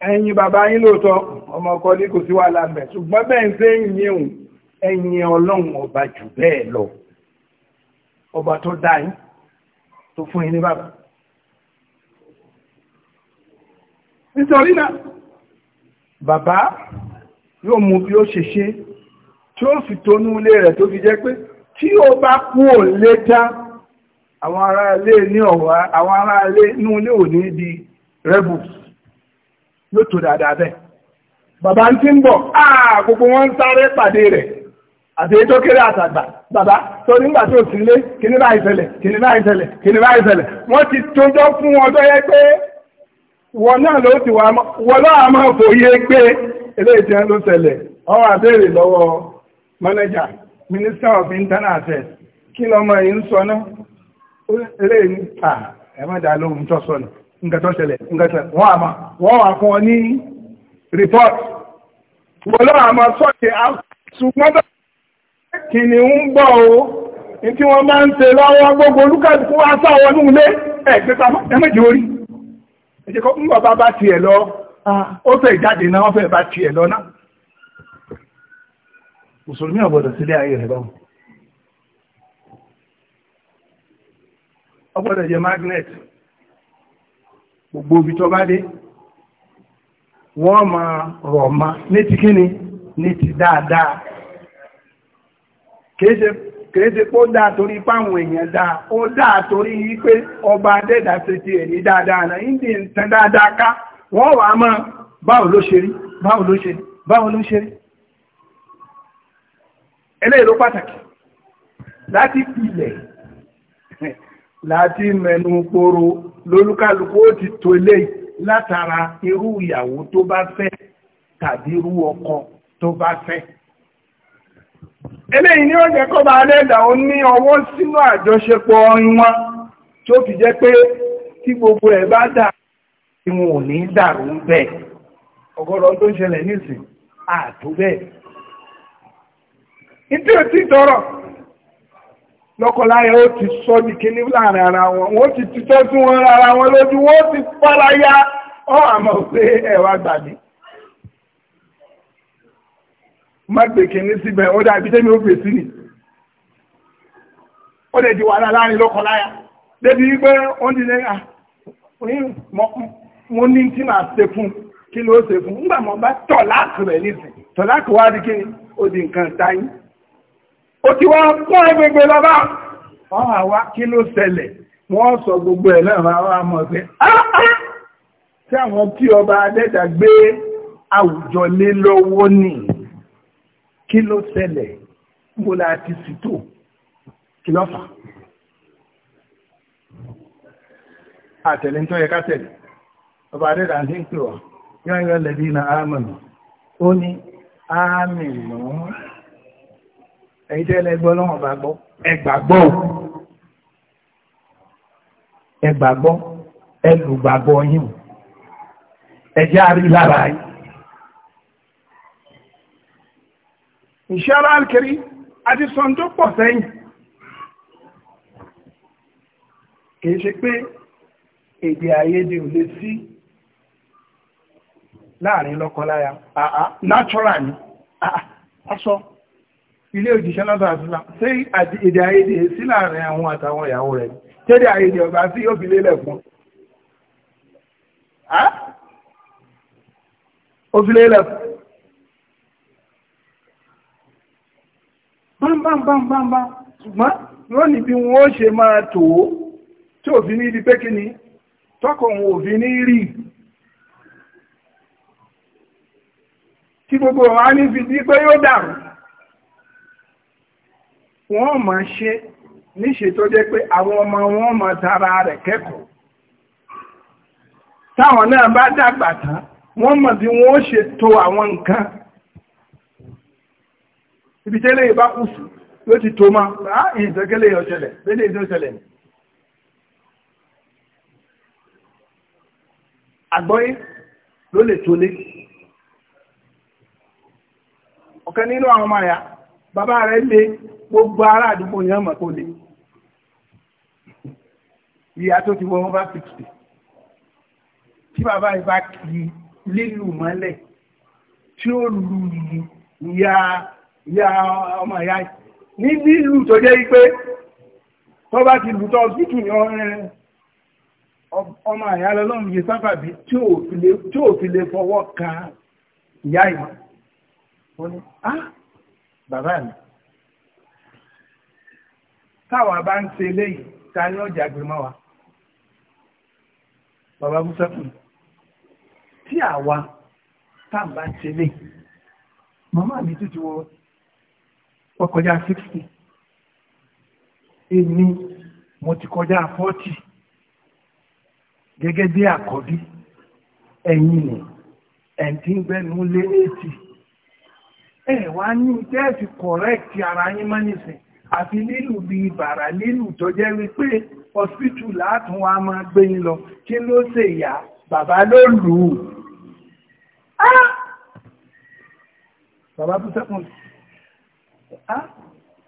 áwọ́ bàbá yín lóòótọ́ ọmọ ọkọ̀ ní kò sí wà láàbẹ̀ ṣùgbọ́n bẹ́ẹ̀ ń ẹ̀yin ọlọ́run ọba jù bẹ́ẹ̀ lọ ọba tó dá yín tó fún yín ní bàbá nítorí náà bàbá yóò mú bí ó ṣe ṣe tí ó fi tónú ilé rẹ̀ tó fi jẹ́ pé tí ó bá kú ò lé dá àwọn ará ilé ní ọ̀wá àwọn ará ilé inú ilé ò di rebels yóò tó dáadáa bẹ́ẹ̀ bàbá ń ti ń bọ̀ áà gbogbo wọn ń sáré pàdé rẹ̀ àti èyí tó kéré àtàgbà bàbá tó nígbà tó sì lé kìní bá ìṣẹ̀lẹ̀ kìní bá ìṣẹ̀lẹ̀ bá ìṣẹ̀lẹ̀ wọ́n ti tójọ́ fún yẹ pé náà ló ti wà wọ́n pé ló ṣẹlẹ̀ ọwọ́ lọ́wọ́ minister of internal affairs kí lọ́mọ yìí ń sọ náà ẹ má dá lóhun tó sọ ṣẹlẹ̀ kini ń bọ̀ o tí wọ́n bá ń ṣe lọ́wọ́ gbogbo olúkàdùkú wá sáwọ́ núulé ẹ̀gbẹ́ta ẹmẹ́jì lọ ah. lọ mùsùlùmí magnet gbogbo obi tó bá dé wọ́n máa rọ̀ ní kèése pó dáa torí páwọn èèyàn dáa ó dáa torí wípé ọba adẹ́dà ṣe ti ẹ̀ ní dáadáa náà ìdí ìtàn dáadáa ká wọ́n wà á mọ́ báwo ló ṣe rí báwo ló ṣe rí báwo ló ṣe láti pilẹ̀ láti poro ti tó eléyìí látara irú ọkọ tó eléyìí ni ó jẹ́ kọ́ bá lẹ́dà ó ní ọwọ́ sínú àjọṣepọ̀ ọrin wọn tó fi jẹ́ pé tí gbogbo ẹ̀ bá dà tí wọn ò ní dàrú bẹ́ẹ̀ ọgọ́rọ̀ tó ń ṣẹlẹ̀ nísìn àtó bẹ́ẹ̀ ìdí ò tí tọrọ lọ́kọláya ó ti sọ ní kíní láàrin ara wọn wọ́n ti titọ́ sí wọn ara wọn lójú wọ́n ti fárayá ọ́ àmọ́ pé ẹ̀wà gbàdé má gbé kìíní síbẹ̀ ó ibi tẹ́mi ó sí ni ó lè di wàhálà láàrin lọ́kọ láya débi wípé ó ń dilé à ah, mo ní tí màá ṣe fún kí ló ṣe fún nígbà mo bá tọ̀ láàkù rẹ̀ nísìn tọ̀ láàkù wá di kíni ó di nǹkan táyín ó ti wá fún agbègbè lọ́ba wọ́n wà kí ló ṣẹlẹ̀ wọ́n sọ gbogbo ẹ̀ náà máa wá mọ̀ ah, ah, tí àwọn tí ọba adẹ́dà àwùjọ lé lọ́wọ́ nìyí kí ló ṣẹlẹ̀ níbo la ti sìtò kí ló fà àtẹ̀lé tó yẹ ká tẹ̀lé ọba adẹ́dà ń pè wá yọ́ yọ́ lẹ́bí na ámìnà ó ní ámìnà ẹ̀yí tẹ́lẹ̀ gbọ́ lọ́wọ́ bá gbọ́ ẹgbàgbọ́ ẹgbàgbọ́ ẹlùgbàgbọ́ yìí ẹjẹ́ àrí lára yìí ìṣẹ́ra alkiri àti sọ́n tó pọ̀ sẹ́yìn kìí ṣe pé èdè àìyedè ò lè sí láàrin lọ́kọláya àà natural ni àà aṣọ ilé òjìṣẹ́ lọ́dọ̀ àtúnlá ṣé èdè àìyedè sí láàrin àwọn àtàwọn ìyàwó rẹ̀ tẹ́lẹ̀ àìyedè ọ̀gá sí yóò fi lélẹ̀ fún ó fi lélẹ̀ fún bámbámbámbámbá ṣùgbọ́n yóò ní bí wọ́n ṣe máa tó tí òfin ní ibi pékè ní tọ́kọ̀ òun òfin ní rí tí gbogbo wa ní fi pé yóò dàrú wọ́n ma ṣe níṣe tó jẹ́ pé àwọn ọmọ wọn ma tara rẹ̀ kẹ́kọ̀ọ́ táwọn náà bá dàgbà tán wọ́n mọ̀ bí wọ́n ṣe àwọn ibi tẹ́lẹ̀ ìbá kù sí ló ti tó ma á ah, ìsẹ́kẹ́lẹ̀ ọ̀ṣẹlẹ̀ bẹ́lẹ̀ ìsẹ́ṣẹlẹ̀ àgbọ́yé ló lè tó lé ọ̀kan nínú àwọn ọmọ àyà bàbá rẹ̀ lé gbogbo ará àdúgbò yẹn mọ̀ tó lé ìyá tó ti wọ́n bá fìkìtì tí bàbá ìbá kì í lílù mọ́lẹ̀ tí ó lù ìyá ìyá ọmọ ìyá ní lílù tó jẹ́ wípé tó bá ti ní ọmọ ìyá lọ́lọ́run yìí tí ò fi lè fọwọ́ ka ìyá ìmọ̀ ó ní á bàbá mi táwa bá ń se eléyìí ta ni ọjà gbé wa bàbá búsẹ́kù tí àwa táà bá ń wọ́n kọjá 60 èmi mo ti kọjá 40 gẹ́gẹ́ bí àkọ́bí ẹ̀yìn ni ẹ̀ǹtí ń gbẹ́nu lé 80 ẹ̀ wá ní tẹ́ẹ̀sì kọ̀rẹ́ẹ̀tì ara yín mọ́nìsìn àfi lílù bí bàrà lílù tó jẹ́ wípé ọ̀sìpìtù látún wa máa gbé yín lọ kí ló ṣe ìyá bàbá ló lù ú. Ah! bàbá tó sẹ́kùn sí.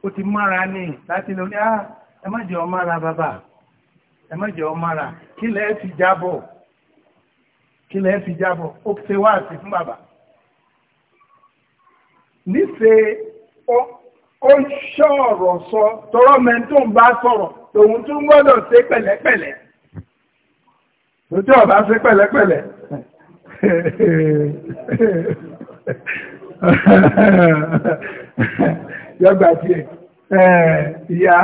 ó ti mára ní láti lórí a ẹ má jẹ́ ọmára bàbá ẹ má jẹ́ ọmára kí lẹ́ fi jábọ̀ kí lẹ́ fi jábọ̀ ó ṣe wá sí fún bàbá níṣe ó sọ tọrọ mẹ́tò ń bá sọ̀rọ̀ tòun gbọ́dọ̀ ṣe pẹ̀lẹ́pẹ̀lẹ́ lójú *laughs* yọgbà tiẹ̀ ìyá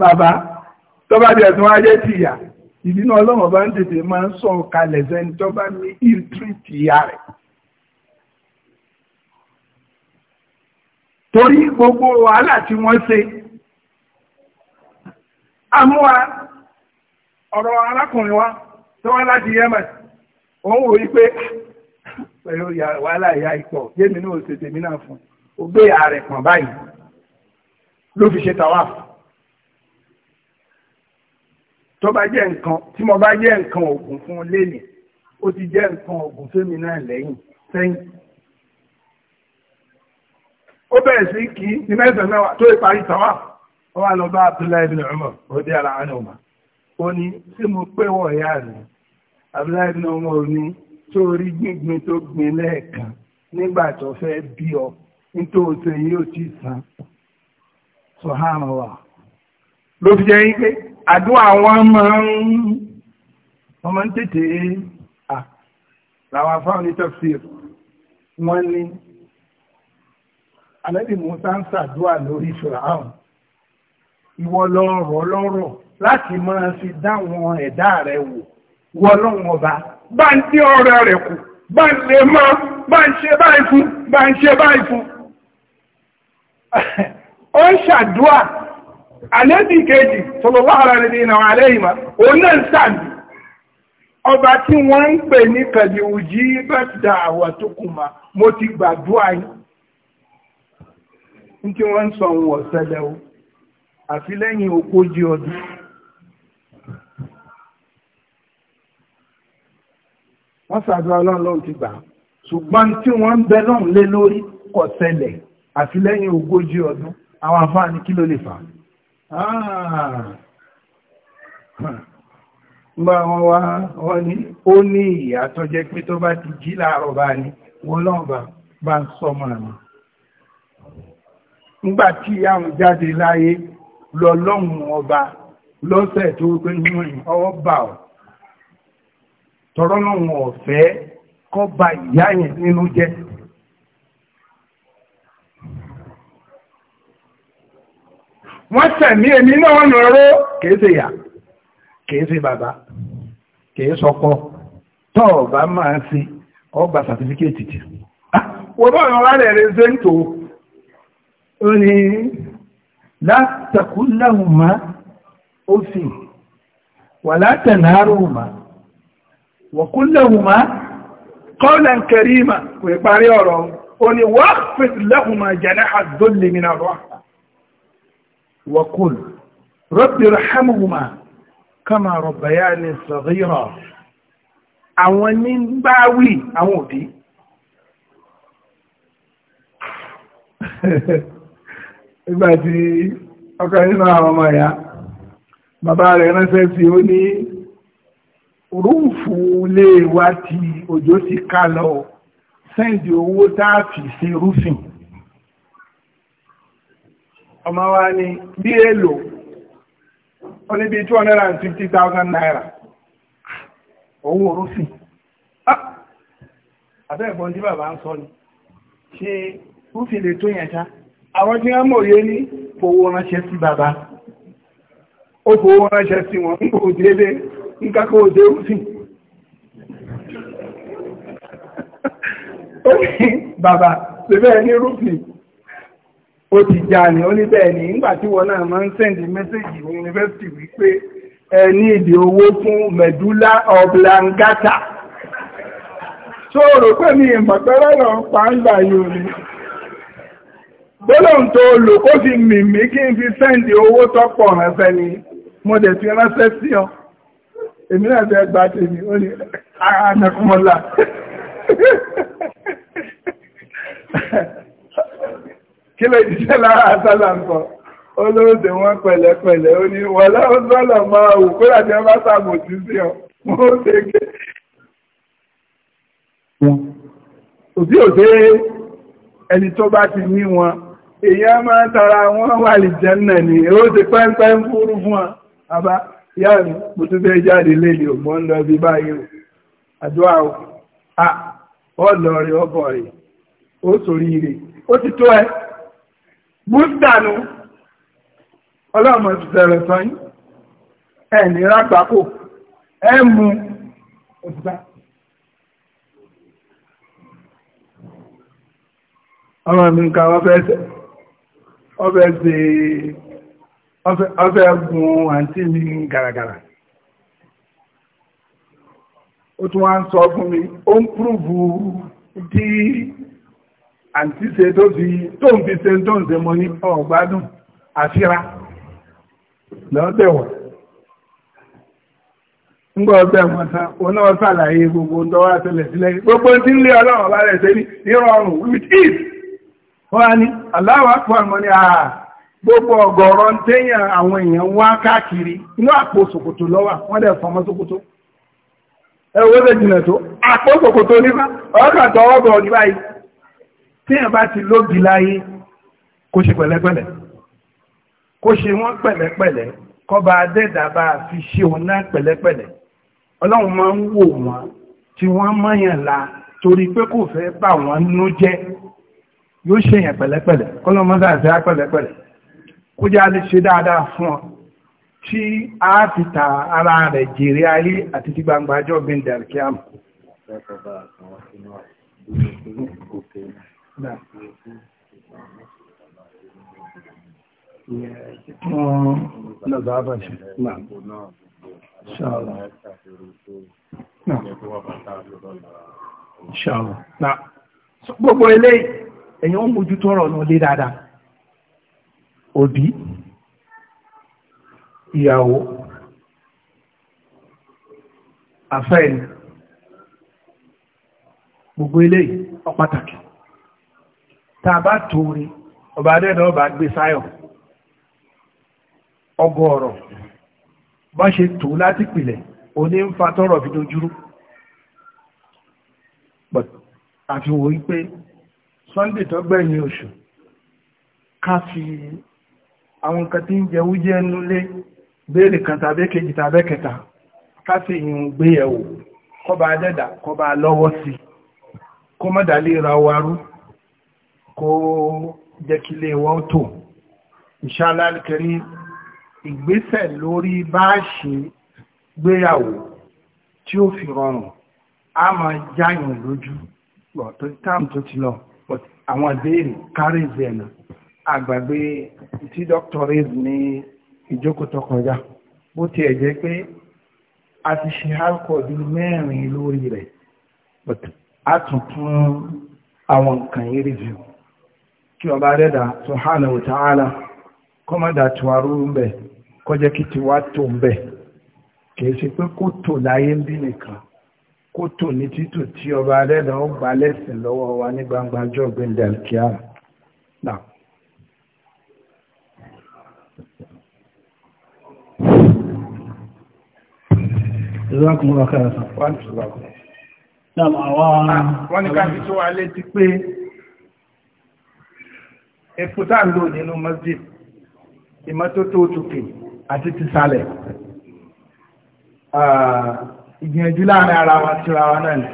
bàbá tọ́ba bí ẹ̀sùn wáyé ti ìyá ìdínà ọlọ́run bá ń tètè máa ń sọ kalẹ̀ sẹ́ni tọ́ba ní ìtírì ti ìyá rẹ̀. torí gbogbo wàhálà tí wọ́n ṣe amúwa ọ̀rọ̀ arákùnrin wa tó wá láti yemen òun wòye pé ah, pẹ̀lú wàhálà ìyá ìpọ̀ yémi náà ṣètèmí náà fún un ó gbé ààrẹ pọ̀n báyìí ló fi ṣe tawaf tó bá jẹ́ nǹkan tí mo bá jẹ́ nǹkan ògùn fún lẹ́nìí ó ti jẹ́ nǹkan ògùn fẹ́mi náà lẹ́yìn sẹ́yìn ó bẹ̀rẹ̀ sí kí ní mẹ́sàn-án mẹ́wàá tó ìparí tawaf ó wà lọ bá Abdullahi ibn Umar òde ara ànàmà ó ní tí mo pé wọ̀ ya rẹ̀ Abdullahi ibn Umar ní tó gbíngbin tó gbin lẹ́ẹ̀kan nígbà tó fẹ́ bí ọ nítorí òṣè yìí ó ti sàn sọ̀hánà wà ló fi jẹ́ wípé àdúrà wọn máa ń wọ́n máa ń tètè à làwọn afáwọn ní tafsir wọ́n ní alẹ́bí musa ń ṣàdúrà lórí fìràhàn ìwọ lọ́rọ̀ lọ́rọ̀ láti máa fi dáwọn ẹ̀dá rẹ̀ wò wọ lọ́wọ́ ọba bá ń dé ọ̀rẹ́ rẹ̀ kù bá ń lè mọ́ bá ń ṣe báyìí fún bá ń ṣe báyìí fún. ó ń ṣàdúà àlébì kejì sallallahu alaihi wa alayhima òun náà ń sàmì ọba tí wọ́n ń pè ní kẹ̀lì òjì bẹ́ẹ̀dà àwọ̀túnkùnmá mo ti gbàdúà yìí ní tí wọ́n ń sọ òun ọ̀sẹ̀lẹ̀ o àfi lẹ́yìn ogójì ọdún wọ́n ṣàdúrà ọlọ́run ló ti gbà ṣùgbọ́n tí wọ́n ń bẹ lọ́run lé lórí kò àfi lẹ́yìn ogójì ọdún àwọn àfáàní kí ló lè fà ah! gbà wọn wá wọ́n ní ó ní ìyà tó jẹ́ pé tó bá ti jí láàárọ̀ bá ní wọ́n lọ́nà bá ń sọmọ àmì nígbà àwọn jáde láyé lọ́lọ́run ọba lọ́sẹ̀ tó pé nínú ọ̀fẹ́ kọ́ ba ìyá yẹn nínú jẹ́ wọ́n tẹ̀mí èmi náà nàró kìí ṣe ìyá bàbá kìí sọkọ tọ́ máa ṣe ọgbà sàtífíkẹ́ẹ̀tì tì ah, wọ́n bá ọ̀rọ̀ rẹ̀ rẹ̀ ṣe ń tò ó ní látàkúláhùnmá ó sì wà látànáàrùnmá wọ̀kúláhùnmá kọ́lá kẹrìmà kò ìparí ọ̀rọ̀ ó ní waqfid lahuma وقل رب ارحمهما كما ربياني صغيرا àwọn ní ń bá wí àwọn òbí *laughs* nígbà tí ọkọ̀ nínú àwọn ọmọ ìyá bàbá rẹ̀ ránṣẹ́ sí ó ní rúùfù lè wá ti òjò ti ká lọ sẹ́ndì owó táàfì sí rúfin ọmọ wa ní bí èlò ó ní bí 250,000 naira owó orúsì ah! àbẹ́ ẹ̀gbọ́n tí bàbá ń sọ ni ṣe rúfì lè tó yẹn ṣá àwọn tí wọ́n mòye ní fowó ránṣẹ́ sí bàbá ó fowó ránṣẹ́ sí wọn ń kò délé ń kákò dé rúfì ó ní bàbá bẹ̀bẹ̀ ní rúfì ó ti já ní oníbẹ̀ẹ́ ní ìgbà tí wọ́n náà máa ń sẹ́ndì mẹ́sẹ̀jì ní yunifásitì wípé ẹ ní ìdí owó fún medulla oblongata tó rò pé ní ìmọ̀tọ́rọ̀ náà pàǹgbà yóò ní gbọ́lọ̀n tó lò kó fi mìmí kí n fi sẹ́ndì owó tọ́pọ̀ rẹ̀fẹ́ ni mo dẹ̀ fi ránṣẹ́ sí ọ èmi náà fẹ́ gba tèmi ó ní ara ah, nàkúmọ́lá *laughs* kí lè jíṣẹ́ lára àtàlà ń kọ olóòdè wọn pẹ̀lẹ́pẹ̀lẹ́ ó ní wọ́n lọ́wọ́ sọ́lọ̀ máa wù kó láti ọba sàbòtí sí ọ wọ́n ó ṣe gé. òbí òde ẹni tó bá ti ní wọn èèyàn máa tara wọn wà lè jẹ́ nà ní ó ti pẹ́ńpẹ́ ń fúrú fún wa àbá ìyá mi mo tún fẹ́ jáde léde ògbọ́n ń lọ bí báyìí o àdúrà o ọ̀lọ́ọ̀rẹ́ ah, ọ̀bọ̀ọ̀rẹ́ ó sòrí ire ó ti tó ẹ búdànù ọlọ́mọ ìbẹ̀rẹ̀ sọ́yìn ẹ̀ ní rágbàkò ẹ̀ mú òtútà ọmọ mi nǹkan ọfẹ́ ṣe ọfẹ́ gun àǹtí mi gàràgàrà ó tún wá ń sọ fún mi ó ń púrùbù dí àti ṣe tó fi tó ń fi ṣe tó ń ṣe mọ́ ní ọ̀gbádùn àṣírá lọ́dẹ̀wọ̀ gbogbo ǹdọ́wà tẹ́lẹ̀ sílẹ̀ gbogbo tí ń lé ọlọ́run bá rẹ̀ ní with it ní gbogbo àwọn èèyàn wá káàkiri inú àpò lọ́wà wọ́n fọmọ́ tó àpò nípa téèyàn bá ti lóbi láyé kó ṣe pẹ̀lẹ́pẹ̀lẹ́ kó ṣe wọ́n pẹ̀lẹ́pẹ̀lẹ́ kọba adẹ́dàbà fi ṣe òun náà pẹ̀lẹ́pẹ̀lẹ́ ọlọ́run máa ń wò wọ́n tí wọ́n mọ̀yàn la torí pé kò fẹ́ bà wọ́n nú jẹ́ yóò ṣe yẹn pẹ̀lẹ́pẹ̀lẹ́ kọ́lọ́mọ́ sàṣẹ́ á pẹ̀lẹ́pẹ̀lẹ́ kó jẹ́ a lè ṣe dáadáa fún ọ tí a fi ta ara rẹ̀ jèrè ayé àti ti gbangba ọjọ́ bíi dàrkíàmù. náà bá bá ṣe náà gbogbo ilé ẹ̀yìn wọ́n mójú tọ́rọ̀ náà lé dáadáa òbí ìyàwó gbogbo ilé tàbá torí ọba adẹ́dọ̀ ọba gbé sáyọ̀ ọgọrọ bá ṣe tó láti pìlẹ̀ òní ń fa tọ́rọ̀ fi dojúrú sunday tó gbẹ̀yìn oṣù ká fi àwọn nǹkan tí ń jẹ wújẹ́ béèrè kan tàbí kejì tàbí kẹta ká fi kó jẹ́ kí lè wọ́n tò ìṣàlálìkẹrí ìgbésẹ̀ lórí bá ṣe gbéyàwó tí ó fi rọrùn a máa jáyàn lójú lọ́tọ́ táàmù tó ti lọ àwọn ìbéèrè kárèzì ẹ̀nà àgbàgbé tí dr rez ní ìjókòtò kọjá bó ti ẹ̀ jẹ́ pé a ti ṣe alkọ̀ọ́dù mẹ́rin lórí rẹ̀ a tún tún àwọn nǹkan yìí review kí ọba rẹ̀dà subhanahu wa ta'ala kọ́mọ́dà tiwaru ń bẹ̀ kọjẹ́ kí tiwa tó ń bẹ̀ kìí ṣe pé kó tò láyé ń bí nìkan kó tò ní títò tí ọba rẹ̀dà ó gbà lẹ́sìn lọ́wọ́ wa ní gbangba ọjọ́ gbẹ̀ndẹ̀ ah, Wọ́n ní ká fi tó wa létí pé epo tá ń lò nínú masjid ìmọ́tótó òtùkè àti tìsàlẹ̀ ah, ìgbìyànjú láàrin ara wa síra wa náà ni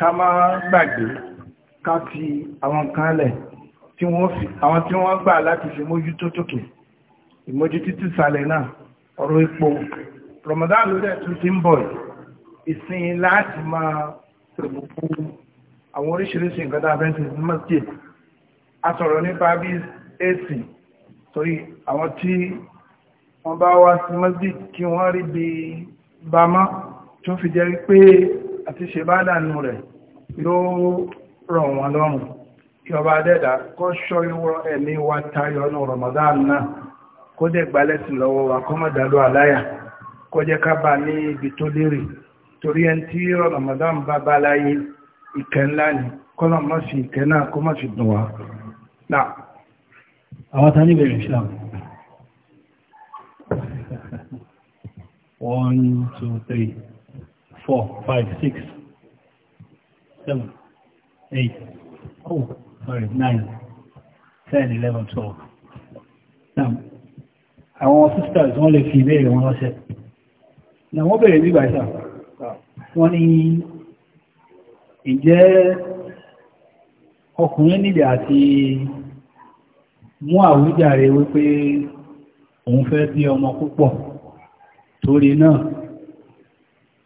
ká má gbàgbé ká fi àwọn kan lẹ̀ tí wọ́n fi àwọn tí wọ́n gbà láti fi mójútó tòkè ìmójútó tìsàlẹ̀ náà ọ̀rọ̀ epo Ramadan ló dẹ̀ tún ti ń bọ̀ ìsìn láti máa pẹ̀lú àwọn oríṣiríṣi nǹkan tá a fẹ́ ṣe sí masjid a sọ̀rọ̀ nípa bí èsì torí àwọn tí wọ́n bá wá sí masjid kí wọ́n rí bí bámá tó fi jẹ́ pé àti ṣe bá dànù rẹ̀ yóò rọ̀ wọ́n lọ́rùn ìjọba adẹ́dà kó ṣọ́ ìwọ ẹ̀mí wa tayọ ní Ramadan náà kó dẹ̀ gbálẹ́sì lọ́wọ́ wa kó mọ̀ dàlú àláyà kó jẹ́ ká bá ní ibi tó lérè torí ẹni tí Ramadan bá bá láyé ìkẹ́ ńlá ni kọ́lọ̀ mọ́ sí ìkẹ́ náà kó mọ̀ sí dùn wá náà àwọn tàbí bẹ̀rẹ̀ islam one two three four five six seven eight oh sorry nine ten eleven twelve náà àwọn sisters wọ́n lè fi ìbéèrè wọn lọ́sẹ̀ náà wọ́n bẹ̀rẹ̀ bí bàtà wọ́n ní ìjẹ́ ọkùnrin nílẹ̀ àti mú àwíjàre wípé òun fẹ́ bí ọmọ púpọ̀ torí náà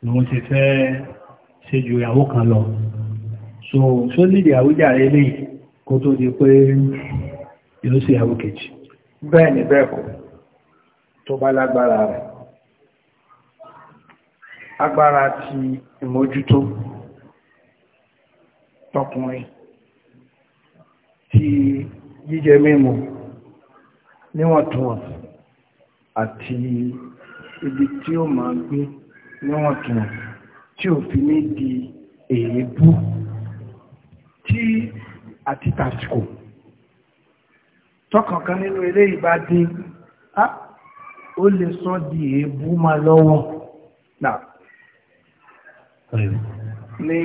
lòun ti fẹ́ ṣe ju ìyàwó kan lọ so so nílẹ̀ àwíjàre lè kó tó di pé yóò sí ìyàwó kejì bẹ́ẹ̀ ni bẹ́ẹ̀ kọ́ tó bá lágbára rẹ̀ agbára ti ìmójútó tọkùnrin ti jíjẹ mímu níwọ̀ntúnwọ̀nsì àti ibi tí ó máa gbé níwọ̀ntúnwọ̀nsì tí ò fi ní di èébú tí àti tàsìkò tọkànkan nínú eléyìí bá dín ó lè sọ di èébú máa lọ́wọ́ ní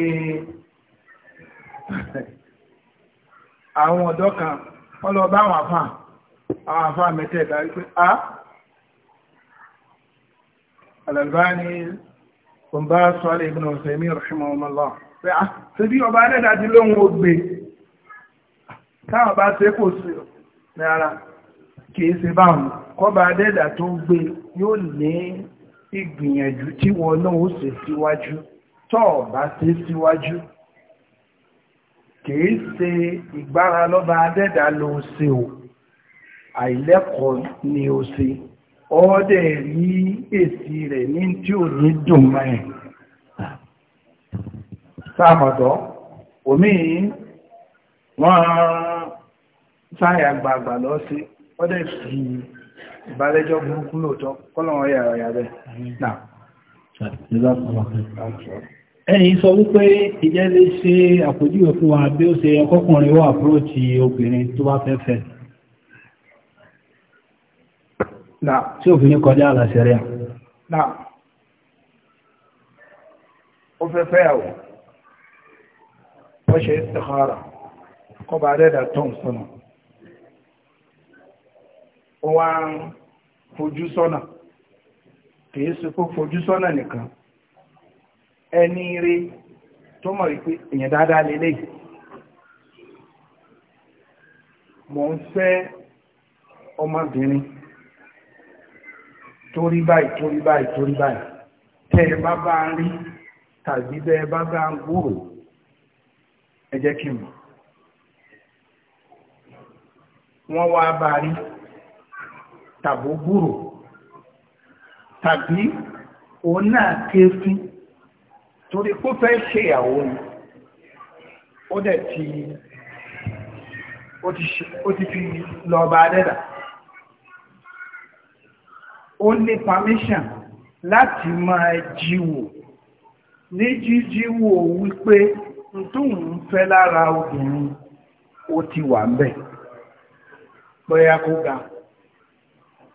àwọn ọ̀dọ́ kan wọ́n lọ bá àwọn àfà àwọn àfà mẹ́tẹ̀ẹ̀ta wípé a Al-Albani ọba sọ́lẹ̀ ibn Uthaymin rahimahullah pé a ṣe bí ọba adẹ́dà ti lóhun ogbe táwọn bá ṣe kò sí rárá kìí ṣe báwọn kọba adẹ́dà tó gbé yóò ní ìgbìyànjú tí wọn náà ó ṣe síwájú tọ́ọ̀ bá ṣe síwájú kìí ṣe ìgbára lọ́ba adẹ́dà ló ṣe o àìlẹ́kọ̀ọ́ ni ó ṣe ọ́dẹ̀ rí èsì rẹ̀ ní tí ò ní dùn mẹ́rin sáàmọ̀dọ́ omi wọ́n sáyà gbàgbà lọ sí ọ́dẹ̀ fi ìbálẹ́jọ́ burúkú lóòótọ́ kọ́lọ̀ wọ́n yàrá yàrá bẹ́ẹ̀ ẹni sọ wípé ìjẹ́ lè ṣe àpòjúwẹ̀ fún wa bí ó ṣe ọkọ́kùnrin wà púròtì obìnrin tó bá fẹ́fẹ́ tí ò fi ní kọjá àlàṣẹ́rẹ́ náà ó fẹ́fẹ́ àwọ̀ wọ́n ṣe istikhara kọba rẹ̀dà tom sọ́nà ó wá ń fojú sọ́nà kìí sí kó fojú sọ́nà nìkan ẹni rí tó mọ̀ wípé èèyàn dáadáa lélẹ̀ mò ń fẹ́ ọmọbìnrin torí báyìí torí báyìí torí báyìí tẹ́ ẹ bá bá ń rí tàbí bẹ́ẹ̀ bá bá ń gbúrò ẹ jẹ́ kí n mọ̀ wọ́n wá bá rí tàbó gbúrò tàbí òun náà ké fún torí kó fẹ́ ṣèyàwó ni ó dẹ̀ ti ó ti fi lọ bá dẹ́dà ó ní permission láti máa jíwò ní jíjíwò wípé tóun fẹ́ lára obìnrin ó ti wà ń bẹ̀ bóyá kó ga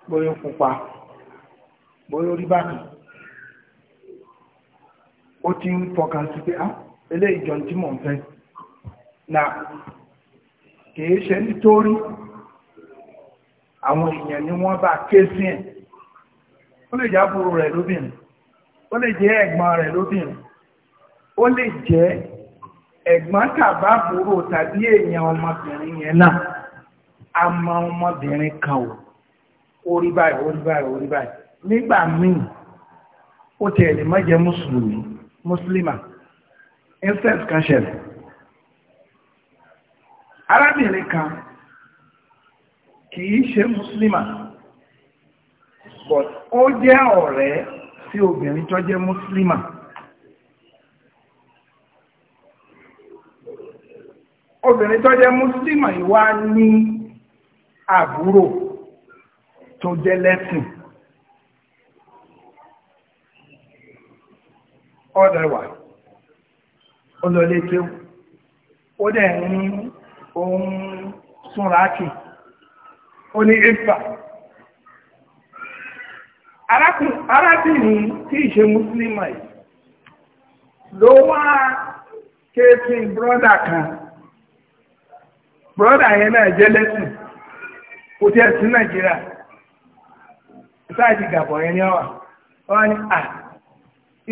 bóyá pupa bóyá orí bákan ó ti ń fọkàn sí pé ah, na kìí ṣe nítorí àwọn èèyàn ni wọ́n bá ké sí ẹ̀ ó lè jẹ́ àbúrò rẹ̀ lóbìnrin ó lè jẹ́ ẹ̀gbọ́n rẹ̀ lóbìnrin ó lè jẹ́ ẹ̀gbọ́n tàbábúrò tàbí èèyàn ọmọbìnrin yẹn náà a mọ ọmọbìnrin kan ò orí báyìí orí báyìí orí báyìí nígbà míì ó tiẹ̀ lè muslima instance kan ṣẹlẹ̀ arábìnrin kan kìí ṣe muslima but ó jẹ́ ọ̀rẹ́ sí obìnrin tó jẹ́ muslima obìnrin tó jẹ́ muslima yìí wá ní àbúrò tó jẹ́ lẹ́sìn ọ̀dọ̀wà olólékéw ó dẹ̀ ohun súnraákì oní ní arábìnrin tí ìṣe mùsùlùmí yìí ló wá kéfin brọ́dà kan brọ́dà yẹn náà jẹ́ lẹ́sìn kò tiẹ̀ sí nàìjíríà sáàdì gàbọ̀ yẹn ní à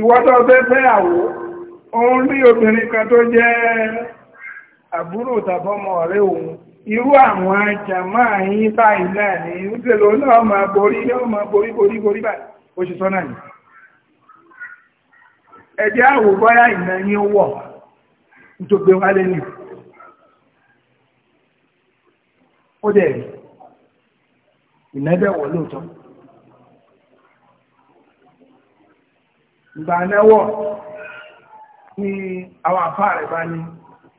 ìwọ́tọ̀ fẹ́ fẹ́yàwó òun rí obìnrin kan tó jẹ́ àbúrò tàbọ́mọ ọ̀rẹ́ òun irú àwọn àjàmá yín báyìí náà ni ìrúsèlò náà máa borí náà máa borí borí borí báyìí ó ṣe sọ́nà yìí ẹ̀jẹ̀ àwò bọ́yá yín wọ̀ nítorí nì ó dẹ̀ rí lóòótọ́. ìgbà náwọ̀ ní àwọn àfá rẹ̀ bá ní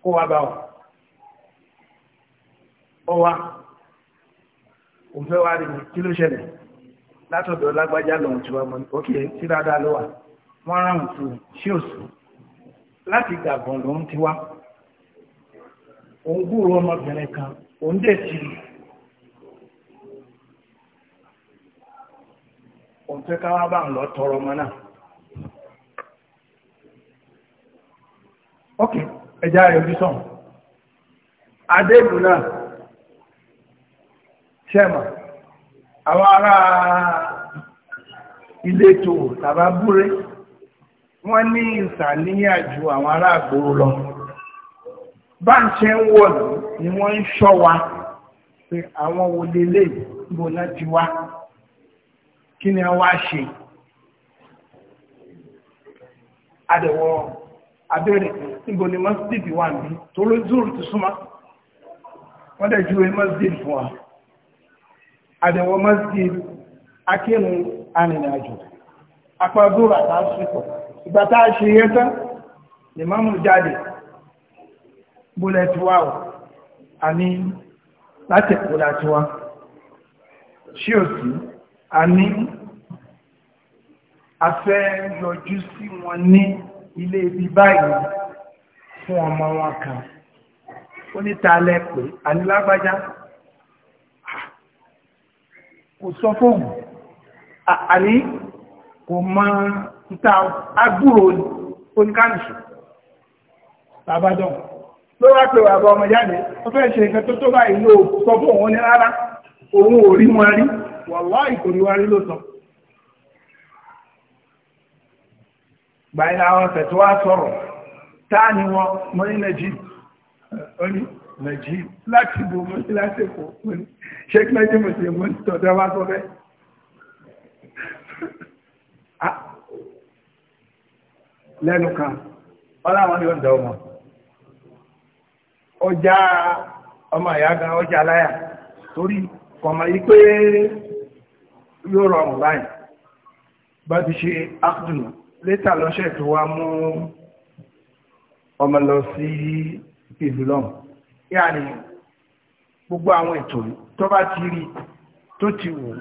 kó wá bá wọ̀ ọwá òfẹ́ wá rí mi kí ló ṣẹlẹ̀ látọ̀dọ̀ lágbájá lọ́wọ́ tí wọ́n mọ̀ ní ókè tí dáadáa ló wà wọ́n ráhùn tó ṣí òsù láti gàgbọ̀n lòún ti wá òun gbúrò ọmọbìnrin kan òun dẹ̀ ti rí òun fẹ́ ká wá bá ń lọ tọrọ ọmọ náà ok ẹjá rẹ̀ ojú sàn adébù náà ṣẹ́mà àwọn ará ìletò tàbá búré wọ́n ní ìsàníyà ju àwọn ará àgbòrò lọ bá ń ṣe ń wọ̀ ní wọ́n ń ṣọ́ wa pé àwọn wo lélẹ̀ ìbò náà ti wá kí ni a wá ṣe adẹ̀wọ̀ abẹ́rẹ̀ níbo ni masjid wà ní tó ló zúrù ti súnmá wọ́n dẹ̀ júwe masjid fún wa àdẹ̀wọ̀ masjid akínú arìnrìnàjò apá zúrù àtàṣùpọ̀ ìgbà tá a ṣe yẹ tán lè má mú jáde bólẹ̀ tí wà wọ̀ àní láti ẹ̀kọ́ láti wá ṣí ò sí àní afẹ́ yọjú sí wọn ní ilé ibi báyìí fún ọmọ wọn kan ó ní ta lẹ pé ànílágbájá kò sọ fóun àní kò mọ níta agbúrò oníkànìṣù tàbádọ́n ló wá pé bàbá ọmọ jáde ó fẹ́ ṣe nǹkan tó tó báyìí ló sọ fóun ó ní rárá òun ò rí wọn rí wàláì kò rí wọn rí ló sọ. gbàyí láwọn ọ̀sẹ̀ tó wá sọ̀rọ̀ táà ni wọ́n mọ́ ní Nàìjíríà oní Nàìjíríà láti bò mọ́ sí láti èkó oní sheik Nàìjíríà mọ̀ sí èmọ́ ní tọ̀dọ̀ wá sọ bẹ́ẹ̀. lẹ́nu kan ọláwọn ni ó ń da ọjà ọmọ ìyá gan ọjà aláyà torí kọ̀mọ̀ yìí pé yóò rọrùn báyìí bá ti ṣe ákùdùnà létà lọ́sẹ̀ tó wá mú ọmọ lọ sí pavilion yáàni gbogbo àwọn ètò tó bá ti rí tó ti wù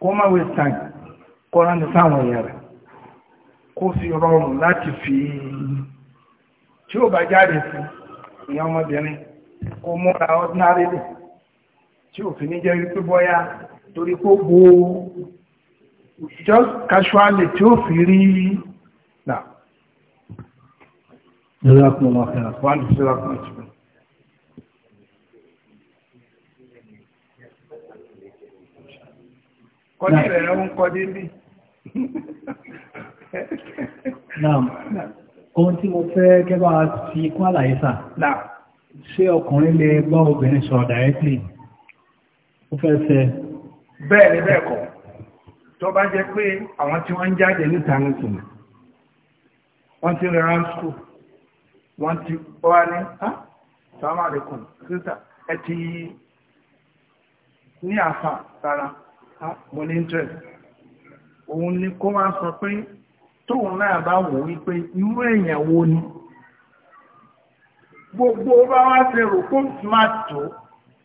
kó má waste time kó rántí sáwọn èèyàn rẹ̀ kó fi rọrùn láti fi tí ó bá jáde fún ìyá ọmọbìnrin kó múra ordinary tí òfin ní jẹ́ wípé bọ́yá torí kó gbòó just casually tí ó fi rí náà. Ìrẹ́ àpọ̀lọ̀ ọ̀fẹ́ wà ní sílá fún ìtìmọ̀. Kọ́dí rẹ̀ ń kọ́dí bí. Naam, ohun tí mo fẹ́ gẹ́gbà ti kún àlàyé sà. Naam. Ṣé ọkùnrin lè gbọ́ obìnrin sọ̀rọ̀ directly? Ó fẹ́ ṣe. Bẹ́ẹ̀ ni bẹ́ẹ̀ kọ́ tó bá jẹ́ pé àwọn tí wọ́n ń jáde níta nìkan wọ́n ti rẹ̀ rán skul wọ́n ti wá ní sàmà àdìkùn sísà ẹ ti ní àfà rárá ah, mo ní interest òun ni kó máa sọ pé tóun náà bá wò wípé irú èèyàn wo ni gbogbo bá wá ṣe rò kó smart tó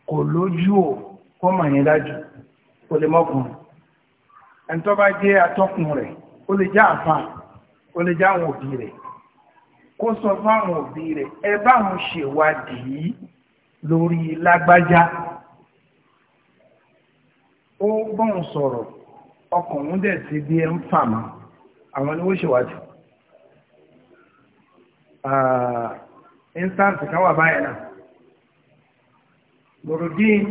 kò lójú ò kó mọ̀ yẹn dájú kò lè mọ́kùnrin ẹni tó bá jẹ́ atọ́kùn rẹ̀ ó lè jẹ́ àfa ó lè jẹ́ àwọn òbí rẹ̀ kó sọ fún àwọn òbí rẹ̀ ẹ bá àwọn ṣèwádìí lórí lágbájá ó bọ́n sọ̀rọ̀ ọkùnrin dẹ̀ ti bí ẹ ń fà mọ́ àwọn ni wọ́n ṣèwádìí instance kan wà báyìí náà Nurudeen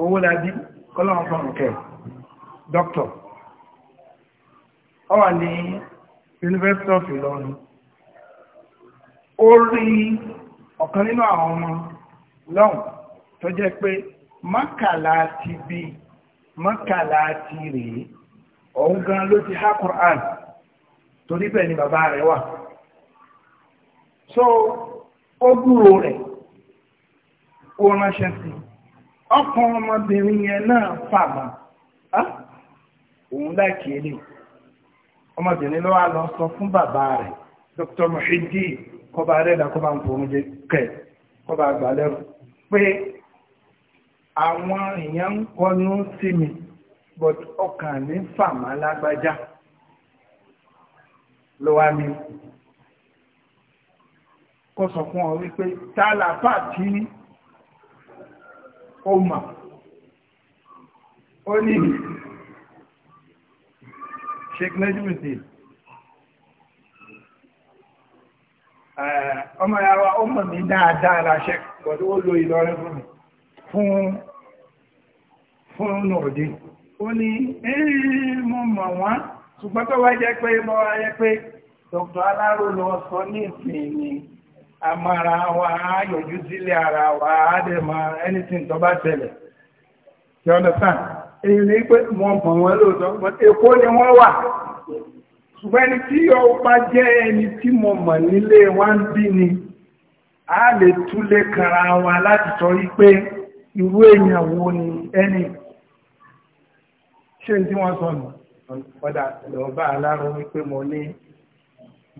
Owólabí kọ́lọ́wọ́n fọ́nkẹ́ dókítọ̀ ọ wà ní University of Ìlọrin ó rí ọ̀kan nínú àwọn ọmọ lọ́hùn tó jẹ́ pé mọ́kànlá ti bí mọ́kànlá ti rèé òun gan ló ti ha Quran torí bẹ́ẹ̀ ni bàbá rẹ̀ wà so ó gbúrò rẹ̀ ó ránṣẹ́ sí ọkùnrin ọmọbìnrin yẹn náà fàmà ah, òun ọmọbìnrin ló wá lọ sọ fún bàbá rẹ̀ Dr. Muhidi kọba rẹ̀dà kọba ń fòun jẹ kẹ kọba àgbà lẹ́rù pé àwọn èèyàn ń kọnu sí mi but ọkàn mi fàmà lágbájá ló wá kó sọ fún ọ wípé tálàfà tí ó mà ó ní sheik Najmuddin eh, ọmọ ya ọmọ mi dáadáa la sheik bọ̀dọ̀ ó lo Ìlọrin fún mi fún fún nùrùdí ó ní ẹ́rẹ́ mọ́ mọ̀ Dr. Aláró lọ sọ ní ìsìn ni àmàrà wa yọjú sílé ara wa á ma anything you understand? èyí ní pé wọ́n mọ̀ wọ́n lóòótọ́ èkó ni wọ́n wà ṣùgbọ́n ẹni tí yọ bá jẹ́ ẹni tí mo mọ̀ nílé wọn bí ni a lè túlé kara wa láti sọ wípé irú èèyàn wo ni ẹni ṣé tí wọ́n sọ nù ọ̀dà lọ́ba aláró wípé mo ní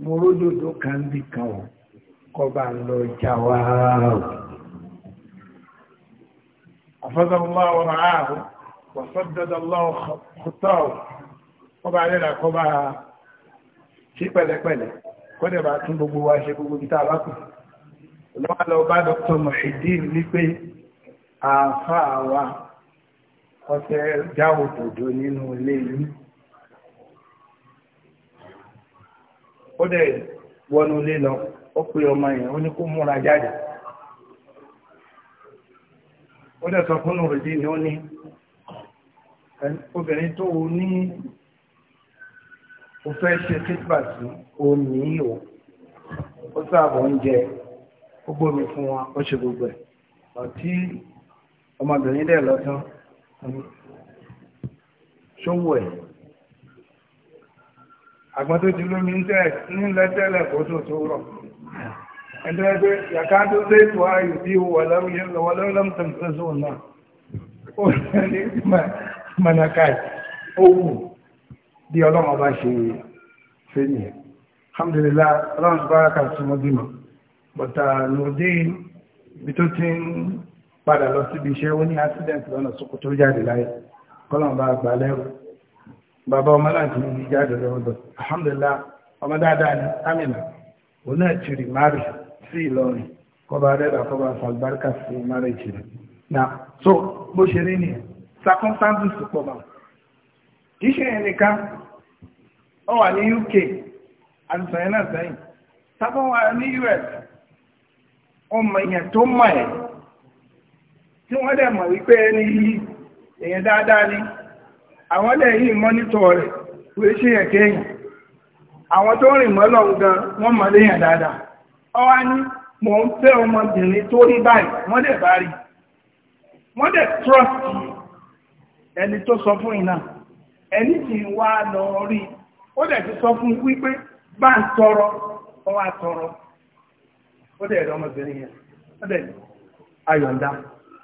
mo ródòdó kan bì kan wọ̀ kọba lọ jà wá. àfọ́sọ́fọ́ máa wọ́n máa rò. وصدد الله خطاه ọba alẹ́ra kọ bá ṣí pẹ̀lẹ̀pẹ̀lẹ̀ kọ́dẹ̀ bá tún gbogbo wa ṣe gbogbo gítà alákùn lọ́wọ́ lọ bá dr Muhyiddin ní pé àáfà wa ọ̀sẹ̀ já òdòdó nínú ilé yìí ó dẹ̀ wọnú ilé lọ ó pe ọmọ yẹn ó ní kó múra jáde ó dẹ̀ sọ fún Nuruddin ó ní obìnrin tó o ní o fẹ́ ṣe kíkpà sí o ní o ó sáàbọ̀ oúnjẹ ó gbómi fún wa o ṣe gbogbo ẹ̀ ọtí ọmọbìnrin dẹ̀ lọ́tán ṣówó ẹ̀ àgbọn tó ti lómi ń tẹ́ nílẹ̀ tẹ́lẹ̀ kó tó tó rọ̀ ẹ̀dẹ́ pé yàkádó lé tó ayò bí wọ́n lọ́wọ́ lọ́wọ́ tẹ̀sán náà ó ní ìgbìmọ̀ manakai ohun bí ọlọ́mọ bá ṣe ṣe nìyẹn alhamdulillah ọlọ́run ṣùgbọ́n ká súnmọ́ bímọ bọ̀tà nùdín bí tó ti ń padà lọ síbi iṣẹ́ ó ní accident lọ́nà Sókótó jáde láyé kọ́lọ́n bá gbà lẹ́rù bàbá ọmọ láti ní jáde lọ́dọ̀ alhamdulillah ọmọ dáadáa ní amina òun náà ti rí mari sí Ìlọrin kọba rẹ̀ kọba falbarka sí mari jìnnà na so bó ṣe rí nìyẹn circumstances pọ̀bà kìí ṣe yẹn ọ wà ní UK àtìsàn náà sẹ́yìn sábà wà ní US ọmọ èèyàn tó mọ̀ ẹ́ tí wọ́n dẹ̀ mọ̀ wípé ẹni yìí èèyàn dáadáa ni àwọn dẹ̀ yìí mọ́nítọ̀ rẹ̀ ṣe àwọn tó rìn mọ́ lọ́wọ́ gan wọ́n mọ̀ léèyàn dáadáa ọ wá ní mò ń fẹ́ ọmọbìnrin tó rí báyìí wọ́n dẹ̀ bá ẹni tó sọ fún iná ẹni tí nwa wá lọ rí ó dẹ̀ ti sọ fún wípé bá ń tọrọ ó wá tọrọ ó dẹ̀ rẹ ọmọbìnrin yẹn ó dẹ̀ ayọ̀ǹda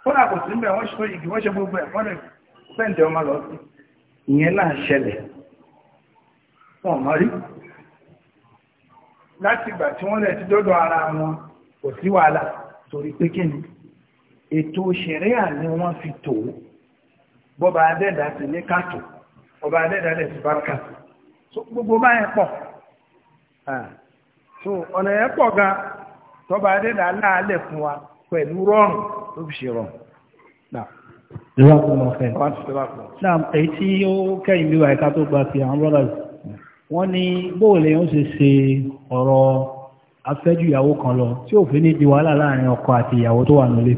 fúnra kò sí mbẹ wọ́n ṣe igi wọ́n ṣe gbogbo ẹ̀ wọ́n dẹ̀ ọmọ lọ sí ìyẹn náà ṣẹlẹ̀ rí láti ìgbà tí wọ́n lẹ̀ ara wọn kò sí wàhálà torí pé ètò fi tòó bọ́ba adẹ́dà sì ní kàtó ọba adẹ́dà lè ti bá kàtó so gbogbo máa ń pọ̀ so ọ̀nà yẹn pọ̀ gan tọ́ba adẹ́dà láàlẹ̀ fún wa pẹ̀lú rọrùn ló fi ṣe rọrùn. Ìwà kò mọ̀ fẹ́. Náà èyí tí ó kẹ́yìn bí wàyíká tó gba ti àwọn brothers. Wọ́n ní bóòlù yẹn ó ṣe ṣe ọ̀rọ̀ afẹ́jú ìyàwó kan lọ tí òfin ní di wàhálà láàrin ọkọ àti ìyàwó tó wà nílé.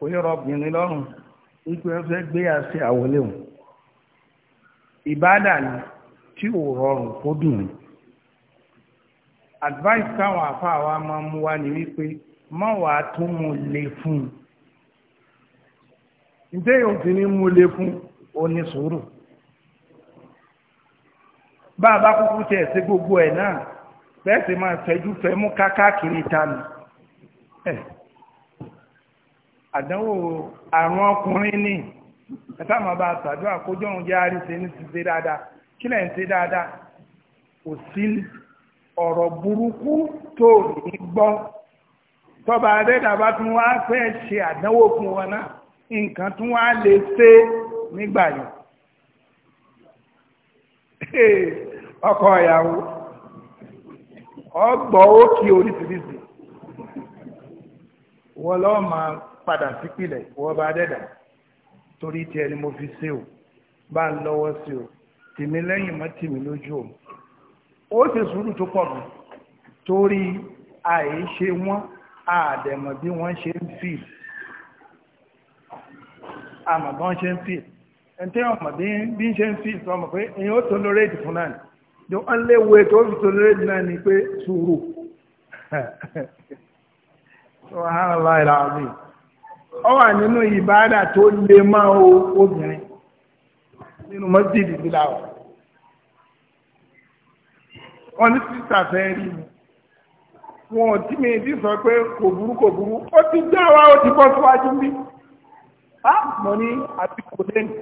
kò ní rọ obìnrin lọ́rùn wípé wọ́n fẹ́ gbé àṣẹ àwọlé wọn ìbádà ni tí ò rọrùn kó dùn ní advice táwọn àfáà wa máa mú wá ni wípé má wàá tún mú le fún un ǹjẹ́ yóò ti ní mú le fún ó ní sùúrù bá a bá kúkú tẹ̀ sí gbogbo ẹ̀ náà bẹ́ẹ̀ sì máa fẹjú fẹ́ mú kákákiri ta ni. Eh àdánwò àrùn ọkùnrin ni ẹ̀ta máa bá àtàdó àkójọ òun jẹ́ àríṣe ní ti ṣe dáadáa kí lẹ̀ ń ṣe dáadáa kò sí ọ̀rọ̀ burúkú tó ní gbọ́ tọ́ba adẹ́dàbá tún wá fẹ́ ṣe àdánwò fún wọn náà nǹkan tún wá lè ṣe nígbà yìí ọkọ ìyàwó ọgbọ òkè oríṣiríṣi wọn lọ́ọ́ máa padà sípìlẹ̀ wọ́n bá dẹ́dà torí tiẹ̀ ni mo fi ṣe o bá ń lọ́wọ́ sí o tìmí lẹ́yìn mọ́ tìmí lójú o ó ṣe sùúrù tó pọ̀ gan torí àìṣe wọ́n àdẹ̀mọ̀ bí wọ́n ṣe ń fi àmọ̀ bí wọ́n ṣe ń fi ẹ̀ntẹ́ ọmọ bí ń ṣe ń fi sọmọ pé èyàn ó tolerate fún náà ni wọ́n léwu ètò ó fi tolerate náà ni pé sùúrù. *laughs* Subhanallah ìlànà mi ọ wà nínú ìbáàdà tó lè máa o obìnrin nínú mọ́sídìí ìdíláwọ̀ wọ́n ní sísà fẹ́ rí mi wọn ò tí mi ti sọ pé kò burú kò burú ó ti dá wa ó ti bọ́ síwájú bí á mo ní àti kò lẹ́nu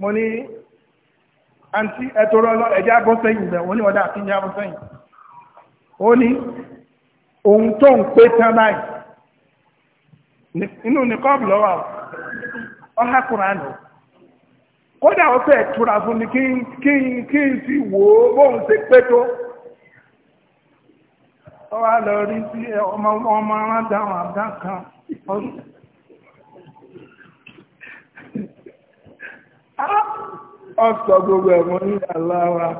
mo ní àǹtí ẹ̀tọ́ rọ́lọ́ ẹ̀já bọ́ sẹ́yìn bẹ̀ wọ́n ní ọ̀dà àti ìjà bọ́ sẹ́yìn ó ní ohun tó ń pé tán báyìí inú ní kọ́ọ̀bù lọ́wọ́ ọ̀há kùránù kódà ó fẹ́ tura fún ni kí n sì wò ó bóun ṣe pé tó ó wá lọ rí sí ọmọ ọmọ aráńdáwọn àbá kan gbogbo ẹ̀wọ̀n ní aláwọ̀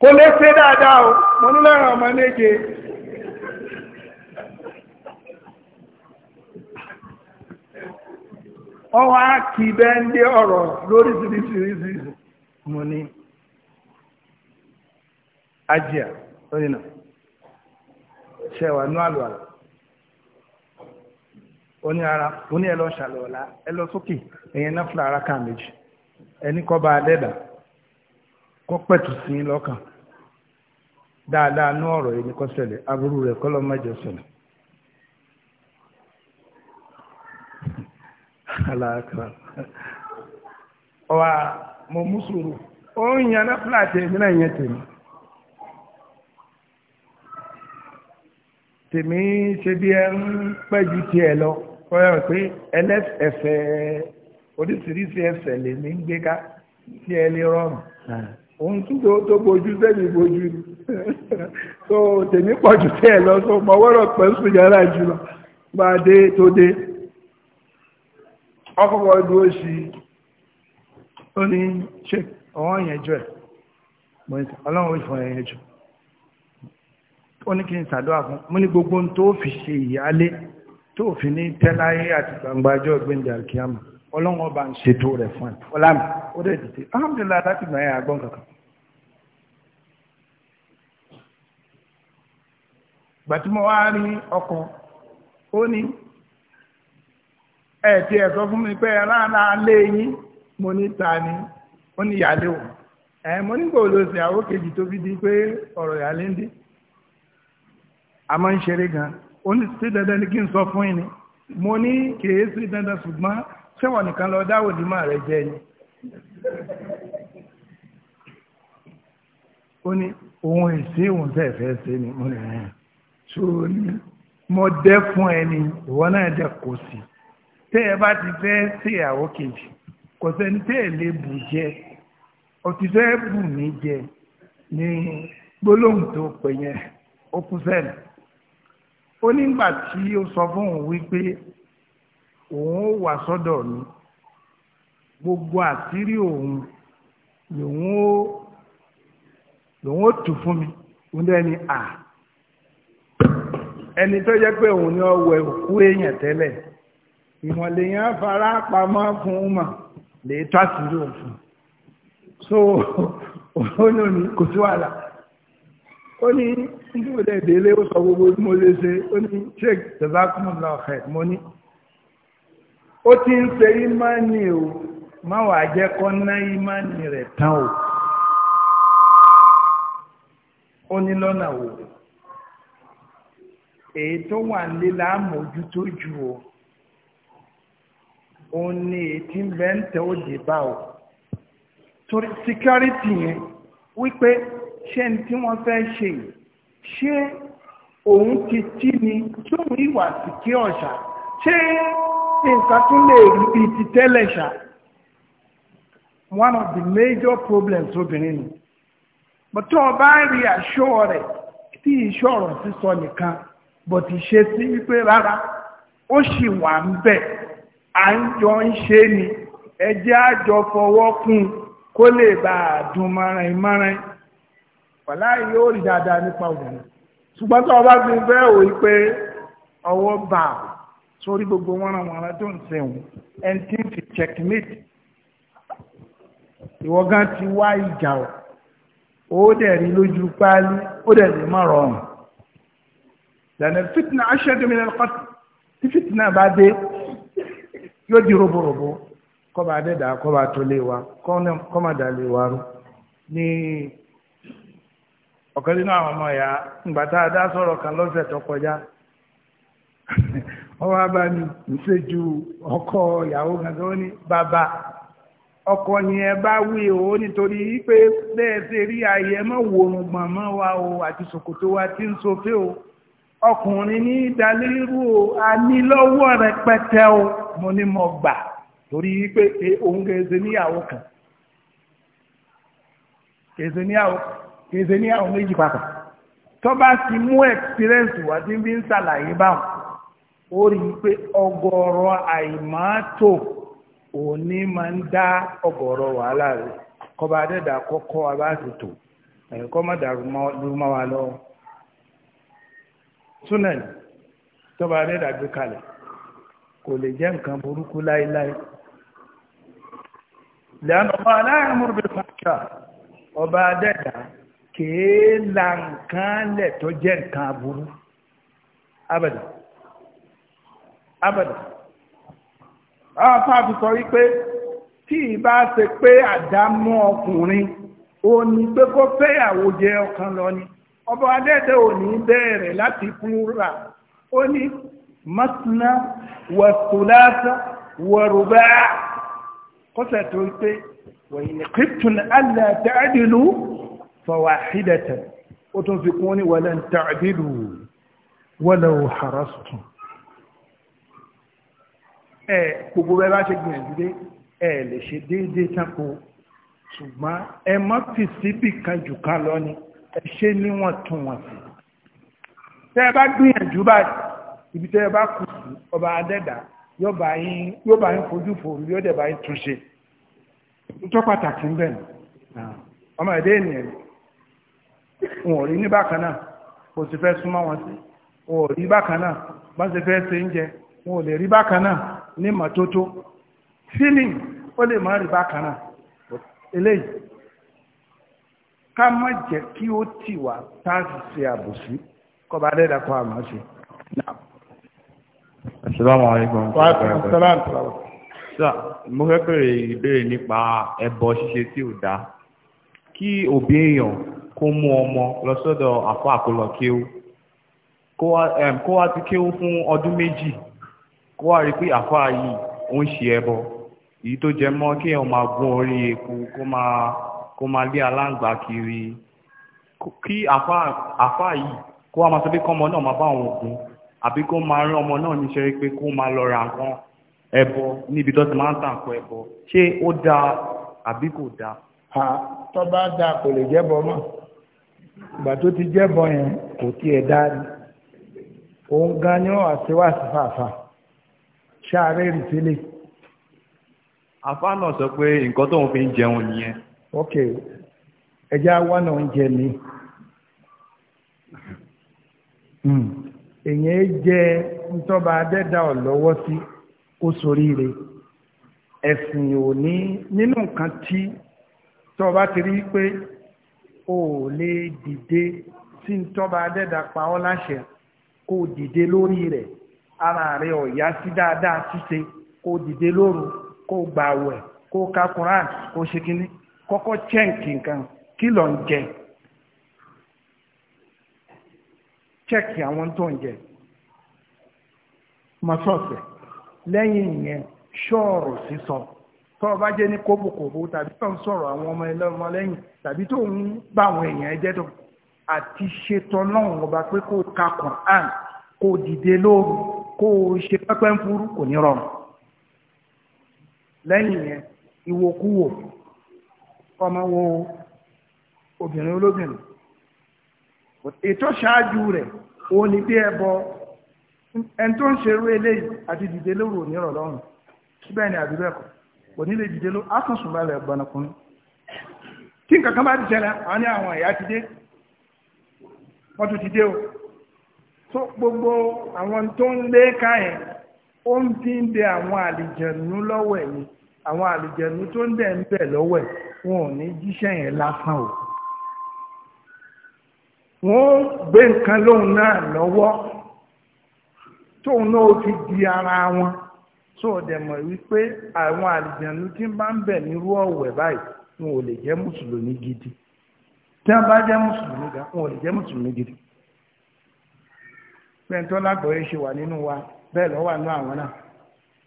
kò lè ṣe dáadáa ní lára ọmọ méje ọwọ́ á ndị lori ziri ọ̀rọ̀ lórí ṣiríṣiríṣi mo ní ajá lórí náà ṣẹwà ara mo ẹ lọ ọla ẹ lọ sókè náà fúnra ara méjì ẹni kọ́ pẹ̀tù sí lọ́kàn dáadáa ní ọ̀rọ̀ yìí ni aburú rẹ̀ kọlọ lọ́ mẹ́jọ ṣẹlẹ̀. ọ̀wà *laughs* mo mú ó ń yan fúláàtì èmi náà yẹn tèmi. tèmi ṣe bí ẹ ń pẹ́ ju lọ pé oríṣiríṣi lèmi ń gbé ká òun tún tó tó bojú sẹ́mi bojú so tèmi pọ̀ jù tẹ́ ẹ lọ so mo wọ́rọ̀ pẹ̀ sùn yàrá jù lọ gba dé tó dé ọkọ̀kọ̀ dúró sí ó ní ṣe ọ̀wọ́n yẹn jọ ẹ̀ ọlọ́run ó fún ẹ̀yẹn jù ó ní kí n ṣàdúrà fún mo ní gbogbo tó fi ṣe ìyálé tó fi ní tẹ́láyé àti gbàngbàjọ́ gbẹ̀ǹdà kíámà ọlọ́run ọba ń ṣètò rẹ̀ fún ẹ ọlámi ó dẹ̀ dìde alhamdulilayi láti gbà yẹn àgbọn kankan. gbàtúmọ̀ wá rí ọkọ̀ ó ní ẹ ti sọ fún mi pé aláàlá lé yín mo ní ta ni ó ní ìyáálé o ẹ mo ní kò lọ sí àwọn kejì tó fi di pé ọ̀rọ̀ ìyáálé ń dé a máa ń ṣeré gan ó ní sí dandan ni kí n sọ fún yín ni mo ní kèé sí dandan ṣùgbọ́n ṣé wọ́n nìkan lọ dáwò ní máa rẹ jẹ́ ni ó ní ohun èsì òun tẹ́ fẹ́ ṣe ni mo rẹ̀ rẹ̀ tó ní mo dẹ́ fún ẹni ìwọ náà dẹ̀ kò sí tẹ́ ẹ bá ti fẹ́ ṣe ìyàwó kejì kò sẹ́ni tẹ́ ẹ lè bù jẹ ó ti fẹ́ bù mí jẹ ní gbólóhùn tó pè yẹn ó kú sẹ́nu ó nígbà tí ó sọ fún òun wípé òun ó wà sọ́dọ̀ mi gbogbo àṣírí òun lòun ó lòun ó tù fún mi òun dẹ́ ni à ẹni tó jẹ́ pé òun ni ọwọ́ òkú èèyàn tẹ́lẹ̀ ìmọ̀lẹ̀ yẹn fara pamọ́ fún un mà lè tó àṣírí òun fún so òun ní kò sí wàhálà ó ní nígbà tí mo dẹ̀ délé ó sọ gbogbo bí mo lè ṣe ó ní sheik jazakumullah khair mo ní ó ti ń ṣe ìmánì o má wàá jẹ́ kó ná ìmánì rẹ̀ tán o ó ní lọ́nà o èyí tó wà nílé láàmójútó jù o òun ni èyí tí ń bẹ́ ń tẹ́ ó dé bá o torí security yẹn wípé ṣé ní tí wọ́n fẹ́ ṣe yìí ṣé òun ti tí ni tóun ìwà sí kí ọ̀ṣà ṣé nǹkan tún lè rí one of the major problems obìnrin nù bọ́tọ́ ọba ń rí àṣọ rẹ̀ tí ìṣọ̀rọ̀ sísọ nìkan wipe ṣe sí wípé rárá ó sì wà ń bẹ̀ à ni ẹjẹ́ àjọ fọwọ́ kún kó lè bá a dùn mọ́rin mọ́rin wàlá yóò rí dáadáa nípa obìnrin ṣùgbọ́n tó ọba fi bẹ́ẹ̀ wò sori gbogbo wọn àwọn ará tó ń sẹ̀wọ̀n ẹni tí ń fi checkmate ìwọ gan ti wá ìjà ọ̀ ó dẹ̀ rí lójú páálí ó dẹ̀ lè má rọrùn bá dé yóò di roborobo kọba adẹ́dà kọ́ba tó lé wa kọ́ma dà lé wa rú kan lọ́sẹ̀ tó kọjá. wọ́n wá bá ní ìṣẹ́jú ọkọ ìyàwó gangan ní bàbá ọkọ ni ẹ bá wí o nítorí pé bẹ́ẹ̀ ṣe rí ayé mọ́ wòrùn gbọ̀nmọ́ wa o àti ṣòkòtò wa ti ń sofé o ọkùnrin ní ìdálérú o a ní lọ́wọ́ rẹpẹtẹ o mo ní mo gbà torí pé e, òun kèéze níyàwó kan kèéze níyàwó méjì papọ̀ tó bá ti mú experience wá tí ń fi ń ṣàlàyé báwọn. ó rí i pé ọgọ́rọ̀ àìmọ́tò òní máa ń dá ọgọ́rọ̀ wàhálà rẹ̀ kọba adẹ́dà kọ́kọ́ abáàtòtò ẹ̀kọ́ má dàrú mọ́ wa lọ túnẹ̀lì tọba adẹ́dà gbé kalẹ̀ kò lè jẹ́ nǹkan burúkú láéláé lẹ́nu bí ọba adẹ́dà la nǹkan lẹ̀ tó jẹ́ nǹkan burú abẹ́dà àwọn fáàbí sọ wípé tí ìbá ṣe pé àdámọ́ ọkùnrin ó ní pé kó fẹ́yàwó jẹ ọ̀kan lọ ni ọba adẹ́dẹ́ ò ní bẹ̀rẹ̀ láti plural ó ní masna wàtúlásá wàrúbá kọ́sẹ̀ tó pé wàyìn kìtùn allah ta'dilu fawahidatan ó tún fi kún ní walan ta'dilu walau harastum ẹ gbogbo bẹ́ẹ̀ bá ṣe gbìyànjú dé ẹ lè ṣe déédéé tako ṣùgbọ́n ẹ má fi síbì kan jù ká lọ ni ẹ ṣe níwọ̀ntúnwọ̀nsì tẹ́ ẹ bá gbìyànjú báyìí ibi tẹ́ ẹ bá kù sí ọba adẹ́dà yóò bá yín fojú fòrú yóò dẹ̀ bá yín túnṣe nítorí pàtàkì ń bẹ̀ nù ọmọ ẹ̀dẹ́ ènìyàn wọn ò rí ní bákan náà kò sì fẹ́ súnmọ́ wọn sí wọn ò rí bákan náà bá ṣe fẹ́ ṣe ń jẹ wọn ò lè rí bákan náà ní mọ̀tótó feeling ó lè má rí bákan náà eléyìí ká má jẹ́ kí ó tì wá táàsì ṣe àbòsí kọba dẹ́dà àmọ́ ṣe. Wa alaikum assalam. Sà, mo fẹ́ bèrè ìbéèrè nípa ẹbọ ṣíṣe tí ò dáa. Kí òbí èèyàn kó mú ọmọ lọ sọ́dọ̀ àfọ́ àkọlọ̀ kéwú. Kó wá ti kéwú fún ọdún méjì kó wá rí pé àfáà yìí ó ń ṣe ẹbọ èyí tó jẹ mọ́ kí èèyàn máa gún orí eku kó máa kó máa lé aláǹgbá kiri kí àfáà yìí kó wá máa sọ pé kọ́mọ náà máa bá àwọn ògùn àbí kó máa rán ọmọ náà níṣẹ́ pé kó máa lọ ra nǹkan ẹbọ níbi tó ti máa ń tàǹkọ ẹbọ ṣé ó dáa àbí kò dáa. tó bá dáa kò lè jẹ́bọ mọ́ ìgbà tó ti jẹ́bọ yẹn kò tiẹ̀ dáa ni òun gan ni wọ́n wá sí wá sí fàáfàá. ṣáàrẹ́ rì sílé. afá náà sọ pé nǹkan tóun fi ń jẹun nìyẹn. ok ẹja wà náà hmm, ń jẹ mi. èèyàn jẹ ntọ́ba adẹ́dà ọ̀ lọ́wọ́ sí kó soríire ẹ̀sìn ò ní nínú nǹkan tí tọ́ba ti rí pé o ò lè dìde tí ntọ́ba adẹ́dà pa ọ́ láṣẹ kó dìde lórí rẹ̀ ara rẹ̀ ọ̀yá sí dáadáa ṣíṣe kó dìde lóru kó gbààwẹ̀ kó ka Quran kó ṣe kínní kọ́kọ́ chẹ́ǹkì nǹkan kí ló ń jẹ chẹ́ǹkì àwọn tó ń jẹ mọ́sọ̀ọ̀sẹ̀ lẹ́yìn ìyẹn ṣọ́ọ̀rọ̀ sísọ tó o bá jẹ́ ní kóbòkòbò tàbí tó ń sọ̀rọ̀ àwọn ọmọ ẹlẹ́mọ lẹ́yìn tàbí tó ń bá àwọn èèyàn jẹ́ tó àti ṣetán náà wọ́n bá pé kó ka Quran kó dìde lóru. kó o ṣe pẹ́pẹ́ ń furu kò ní rọrùn lẹ́yìn yẹn ìwòkúwò ọmọ wo obìnrin olóbìnrin ètò ṣáájú rẹ̀ òun ni bí ẹbọ ẹni tó ń ṣerú eléyìí àti dìde lóru òní rọ̀ lọ́rùn síbẹ̀ ni àdúrà ẹ̀kọ́ òní lè dìde lóru ásùnsùn lálẹ́ ẹ̀gbọ́nọkùnrin tí nǹkan kan bá ti ṣẹlẹ̀ àwọn ní àwọn ẹ̀yà ti dé o tó gbogbo àwọn tó ń lé káyẹn ó ń ti ń de àwọn àlìjẹ̀nú lọ́wọ́ ẹ̀ ni àwọn àlìjẹ̀nú tó ń dẹ̀ ń bẹ̀ lọ́wọ́ ẹ̀ wọn ò ní jíṣẹ́ yẹn lásán o wọ́n gbé nǹkan lóun náà lọ́wọ́ tóun náà fi di ara wọn tó dẹ̀ mọ̀ wípé àwọn àlìjẹ̀nú tí ń bá ń bẹ̀ nírú ọ̀wẹ̀ báyìí wọn ò lè jẹ́ mùsùlùmí gidi tí wọ́n bá jẹ́ mùsùlùmí gan wọn ò lè jẹ́ mùsùlùmí gidi. bẹ́ẹ̀ lágbọ̀ọ́yé ṣe wà nínú wa bẹ́ẹ̀ lọ́wọ́ àánú àwọn náà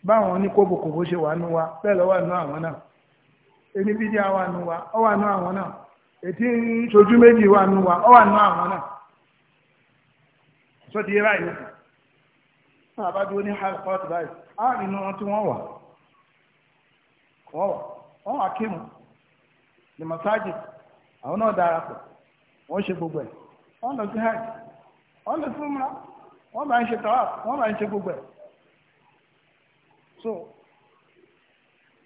báwọn oníkóbòkòbò ṣe wà nínú wa bẹ́ẹ̀ lọ́wọ́ àánú àwọn náà ẹni bídí àwa nínú àwọn náà ètí ìṣojú méjì wà nínú wa àwọn náà sọ di náà bá dúró ní high court báyìí nínú wọn tí wọ́n wà wọ́n náà darapọ̀ wọ́n ṣe gbogbo ẹ̀ wọ́n lọ sí wọ́n wọ́n máa ń ṣe tawa wọ́n máa ń ṣe gbogbo ẹ̀ so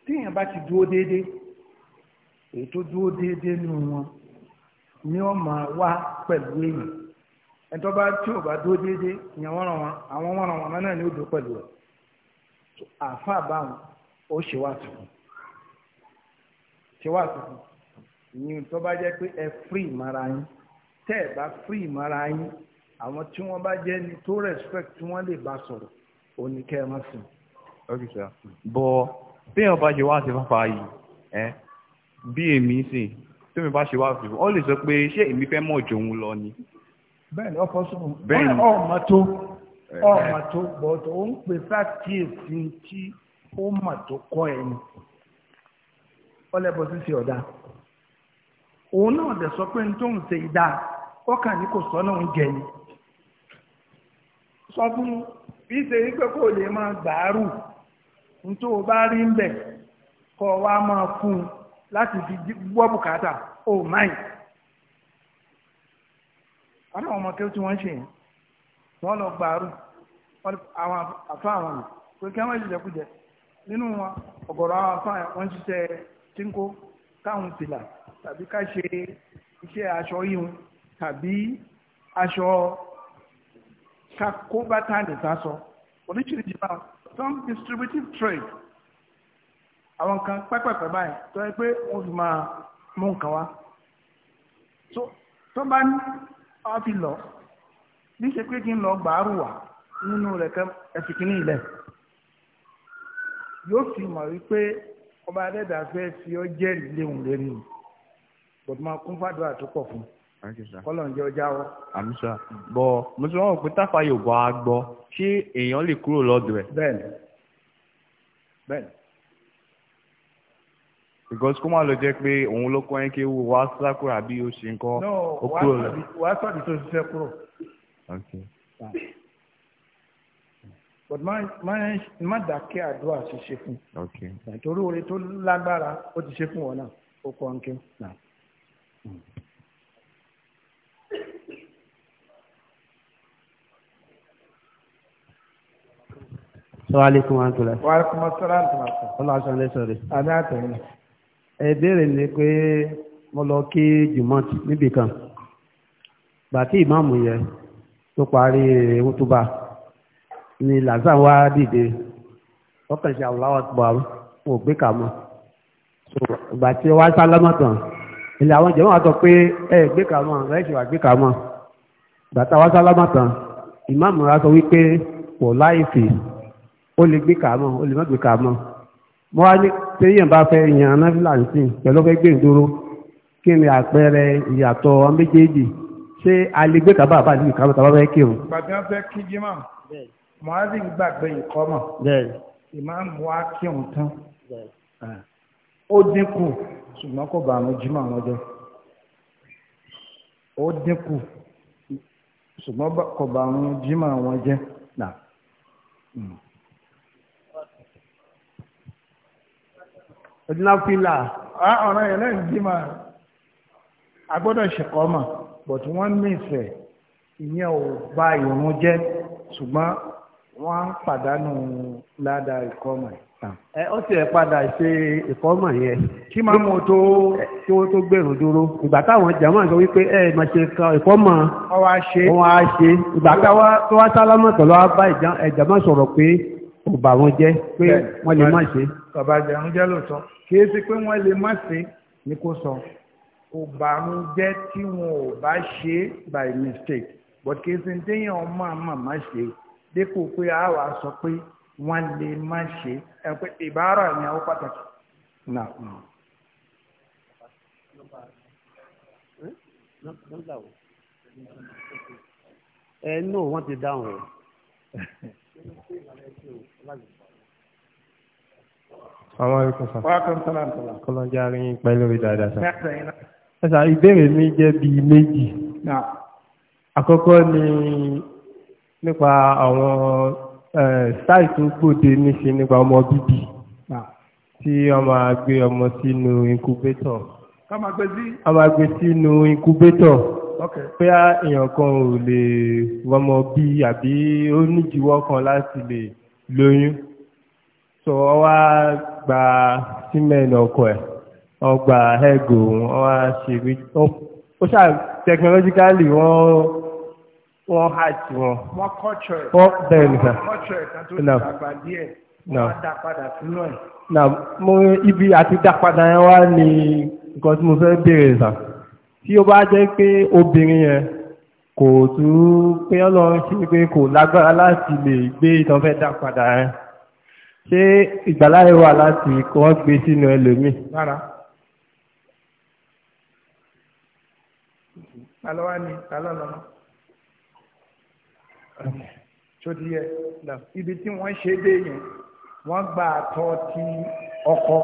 tíyàn bá ti dúó déédé èyí tó dúó déédé nínú wọn ni wọ́n máa wá pẹ̀lú èèyàn ẹ̀tọ́ bá tí ò bá dúó déédé ìyẹn wọ́n ràn wọn àwọn wọ́n ràn náà ni ó dúó pẹ̀lú ẹ̀ mara yín tẹ́ ẹ mara yín àwọn tí wọ́n bá jẹ́ ni tó respect tí wọ́n lè bá sọ̀rọ̀ òní ẹ má sìn. okay sir bọ téèyàn bá ṣe wá sí fáfá yìí ẹ bí èmi sì tómi bá ṣe wá sí ọ lè sọ pé ṣé èmi fẹ́ mọ̀ jòun lọ ni. bẹ́ẹ̀ni ọkọ sọ̀rọ̀ bẹ́ẹ̀ni ọmọ tó ọmọ tó bọtọ ó ń pè sákìyèsí tí ó mà tó kọ ẹni ọlẹbọ sísè ọdá òun náà dẹ̀ sọ pé n tó ń ṣe ìdá ọkàn ní kò sọ náà ń jẹ ni. sọ fún bí ṣe ma pé kò lè máa gbàárù nítorí o bá rí ń bẹ̀ kọ́ wa máa fún un láti fi gbọ́ bùkátà ọmọ tí wọ́n ṣe yẹn wọ́n lọ gbàárù àwọn àfa àwọn nù pé kí wọ́n ṣiṣẹ́ kújẹ nínú wọn ọ̀gọ̀rọ̀ àwọn ṣiṣẹ́ káwọn fìlà tàbí ká ṣe iṣẹ́ aṣọ tàbí aṣọ ka kó bátànì sásọ oríṣiríṣi náà some distributive trade àwọn kan pẹ́pẹ́pẹ́ báyìí tó yẹ pé wọ́n fi máa mú nǹkan wá tó bá ní wọ́n fi lọ bí ṣe pé kí n lọ nínú rẹ̀ kẹ́ ilẹ̀ yóò fi mọ̀ wípé ọba adẹ́dàfẹ́ fi ọ jẹ́rìí léhùn lérí ni bọ̀dùmá kún fàdúrà tó pọ̀ fún kọ́lọ̀ ń jẹ́ ọjà wọ́. àmísà bọ̀ mo ti wọ́n pé táfà yorùbá á gbọ́ ṣé èèyàn lè kúrò lọ́dọ̀ ẹ̀. bẹ́ẹ̀ni bẹ́ẹ̀ni. because kó má lọ jẹ́ pé òun ló kọ́ ẹ́ kí wò wá sákúrò àbí ó ṣe nǹkan ó kúrò lọ. wàá sọ̀dí tó ṣiṣẹ́ kúrò. but má dàkẹ́ àdúrà ṣiṣẹ́ fún. nítorí oore tó lágbára ó ti ṣe fún wọn náà ó kọ́ ń kí. Wa alaikum warahmatullahi. Wa alaikum assalam. Ọlọ́run aṣọ ilé sọ̀rọ̀. Adé àtẹ̀yìn. Ẹ̀bẹ̀rẹ̀ ni pé mo lọ kí Jùmọ́t níbì kan. Bàtí ìmáàmù yẹn tó parí wútúbà ni Làzán wá dìde. Wọ́n kàn ṣe àwòláwọ̀ tó bọ̀ wọ́n gbé kà mọ́. Ìgbà tí wọ́n á sálámọ̀ tán. Ilẹ̀ àwọn jẹ̀mọ́ àtọ̀ pé ẹ gbé kà mọ́ ẹ ṣe wà gbé kà mọ́. Bàtà wá sálámọ̀ tán. Ìmáàmù rà sọ wípé kò láì fèé ó lè gbé kàámọ́ ó lè má gbé kàámọ́ mo wá ní téèyàn bá fẹ́ yan anáfíà sí pẹ̀lú fẹ́ gbé ìdúró kí ni àpẹẹrẹ ìyàtọ̀ méjèèjì ṣé a lè gbé kàbá àbá àti ìkàbá tàbá fẹ́ kírun. gbàgbé wọn fẹ́ kí jimá muhammed gbàgbé ìkọ́mọ̀ ìmáàmù wa kírun tán ó dínkù ṣùgbọ́n kò bá àwọn jimá wọn jẹ ó dínkù ṣùgbọ́n kò bá àwọn jimá wọn jẹ ọdúnláfílà ọ̀ràn yẹn lẹ́yìn jí máa agbọ́dọ̀ ṣẹ̀kọ́ mà but wọ́n ní ìfẹ́ ìyẹn ò bà ìrún jẹ́ ṣùgbọ́n wọ́n á pàdánù ládàá ìkọ́mọ̀ ẹ ó sì ẹ padà ṣe ìkọ́mọ̀ yẹn kí máa mú tó tó tó gbèrún dúró ìgbà táwọn jàmáà sọ wípé ẹ mà ṣe kan ìkọ́mọ̀ ọwọ́ á ṣe ìgbà tó wá sálámọ̀tọ̀ lọ́wọ́ bá ìjàmáà sọ̀rọ̀ pé kò bà wọ́n jẹ́ pé wọ́n lè má ṣe. kò bà wọ́n jẹ́ lóòótọ́ kì í ṣe pé wọ́n lè má ṣe ni kò sọ kò bà wọ́n tí wọn ò bá ṣe by mistake but kì í ṣe téèyàn ọmọ àmọ́ má ṣe dépò pé a wà sọ pé wọ́n lè má ṣe ẹ pé ìbára ni àwọn pàtàkì. ẹ nù wọ́n ti dáhùn rẹ̀. *laughs* Àwọn ẹ̀kọ́ sọ. Wọ́n á kọ́ sọ́nà àtọ́lá. Kọ́lọ́jà rí pẹ́ lórí dáadáa sọ. Ẹ̀sà ìbéèrè mi jẹ́ bí méjì. Àkọ́kọ́ ni nípa àwọn sáì tó gbòde níṣe nípa ọmọ bíbí tí wọ́n máa gbé ọmọ sínú incubator. Wọ́n máa gbé sínú incubator pé èèyàn kan ò lè wọ́mọ bí àbí ó níjìwọ́ kan láti lè. lóyún so ọ wá gba símẹ́ẹ̀lì ọkọ ẹ. ọ gba ẹ̀gò ọ wá ṣe bí ó ṣáà technologically wọ́n wọ́n hàjì wọn. wọ́n wọ́n nìkan. na mo ibi àti dá padà yẹn wá ní nǹkan tí mo fẹ́ tí ó bá jẹ́ pé obìnrin yẹn kò tún pé ọlọ́run ṣe pé kò lágbára láti lè gbé ìtàn fẹ́ dá padà rẹ̀ ṣé ìgbàláyé wà láti wọ́n gbé sínú ẹlòmíì rárá alọ́wà ni alọ́lọ́mọ́ tó di yẹ ibi tí wọ́n ṣe dé yẹn wọ́n gba àtọ̀ ti ọkọ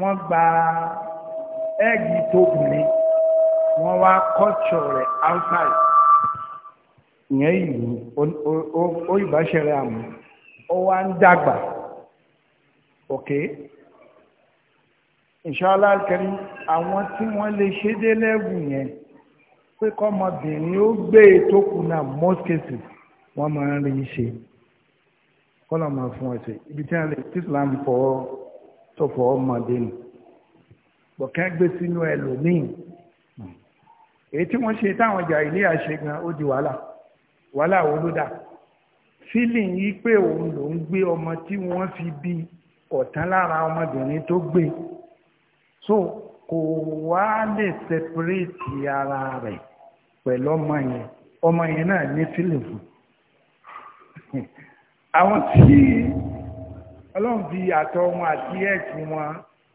wọ́n gba ẹ́ẹ̀gì tóbìnrin wọ́n wá kọ́tsọ̀ rẹ̀ outside ìyẹn ìlú ó ìbáṣẹ̀rẹ̀ àmọ́ ó wá ń dàgbà ok inshallah kẹrí àwọn tí wọ́n lè ṣe dé lẹ́wù yẹn pé kọ́mọbìnrin ó gbé ètò kùnà most cases wọ́n máa ń rí i ṣe kọ́lá máa fún ọ ṣe ibi tí wọ́n lè tí Islam fọ́ tó fọ́ ọmọdé nù bọ̀kẹ́ gbé sínú ẹlòmíì èyí tí wọ́n ṣe táwọn ọjà ilé àṣẹ gan ó di wàhálà wàhálà wo ló dà fílìn yìí pé òun ló gbé ọmọ tí wọ́n fi bí ọ̀tán lára ọmọbìnrin tó gbé so kò wá lè sẹpẹrẹtì ara rẹ̀ pẹ̀lú ọmọ yẹn ọmọ yẹn náà ní fílìn fún àwọn tí ọlọ́run fi àtọ̀ wọn àti ẹ̀kí wọn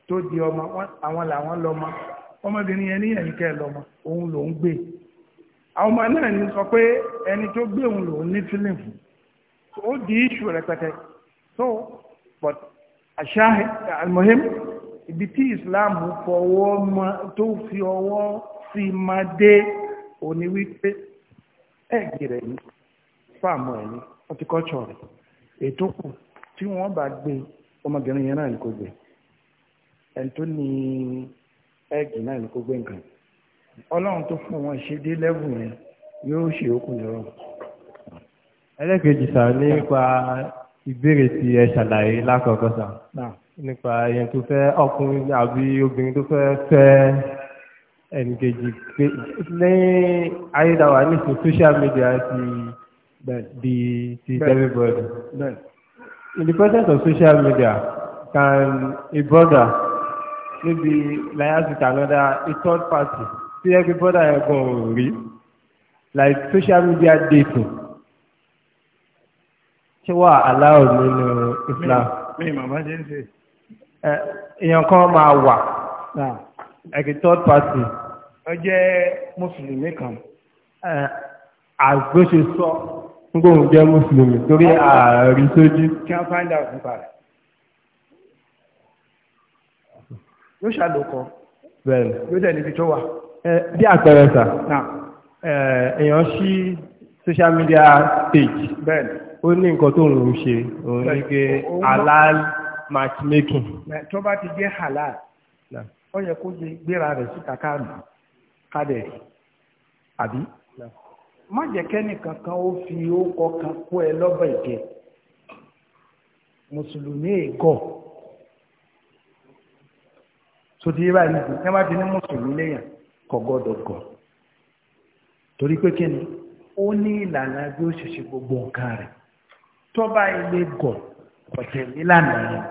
tó di ọmọ àwọn làwọn lọ́mọ ọmọbìnrin yẹn ní ẹ̀yìnkẹ́ lọ́mọ òun lòún gbé àwọn ọmọ náà ní sọ pé ẹni tó gbé òun lòún ní feeling ó di issue rẹpẹtẹ so but àṣà almohim ibi tí Islam fọwọ́ tó fi ọwọ́ sí máa dé òní wípé ẹ̀gì rẹ̀ ní fáàmù ẹ̀ ní ọtíkọ́tsọ̀ rẹ̀ ètò kù tí wọ́n bá gbé ọmọbìnrin yẹn náà ní kò gbé ẹni tó ní ẹ̀gì náà ni kó gbé nǹkan ọlọ́run tó fún wọn ṣe dé lẹ́bù yẹn yóò ṣe òkú lọ́rọ̀. ẹlẹ́kejì sà nípa ìbéèrè tí ẹ ṣàlàyé lákọ̀ọ́kọ́ sà nípa ẹ̀yẹn tó fẹ́ ọkùnrin àbí obìnrin tó fẹ́ fẹ́ ẹnìkejì pé ní ayédáwà nísìnyí social media ti di ti everybody. in the presence of social media can a brother níbi lions another third party tí ẹ gbé bọ́dà ẹ̀gbọ́n ò rí like social media dating ṣé wà aláwọ̀ nínú Islam. mi màmá ṣe ń ṣe. èèyàn kan máa wà like a third party. ó jẹ́ mùsùlùmí kan. àgbóṣe sọ ń gbóhùn jẹ́ mùsùlùmí torí ààrí sójú. kí wọ́n find out nípa rẹ̀. yóò ṣàlòkọ yóò dẹ̀ níbi tó wà. bí àpẹẹrẹ sà èèyàn sí social media page ó ní nǹkan tó ń ṣe òun ní pé halal matchmaking. tó bá ti jẹ́ halal ó yẹ kó ṣe gbéra rẹ̀ síta káàdì kádẹ̀ àbí. má jẹ́ kẹ́nìkan kan ó fi ó kọ kan kó ẹ lọ́bọ̀ ìjẹ mùsùlùmí ègọ́ tó ti yíra yìí ẹ má ti ní mùsùlùmí léyàn kò gbọ́dọ̀ gọ̀ torí pé kí ni ó ní ìlànà bí ó ṣe ṣe gbogbo nǹkan rẹ̀ tọ́ba ilé gọ̀ ọ̀tẹ̀ nílànà rẹ̀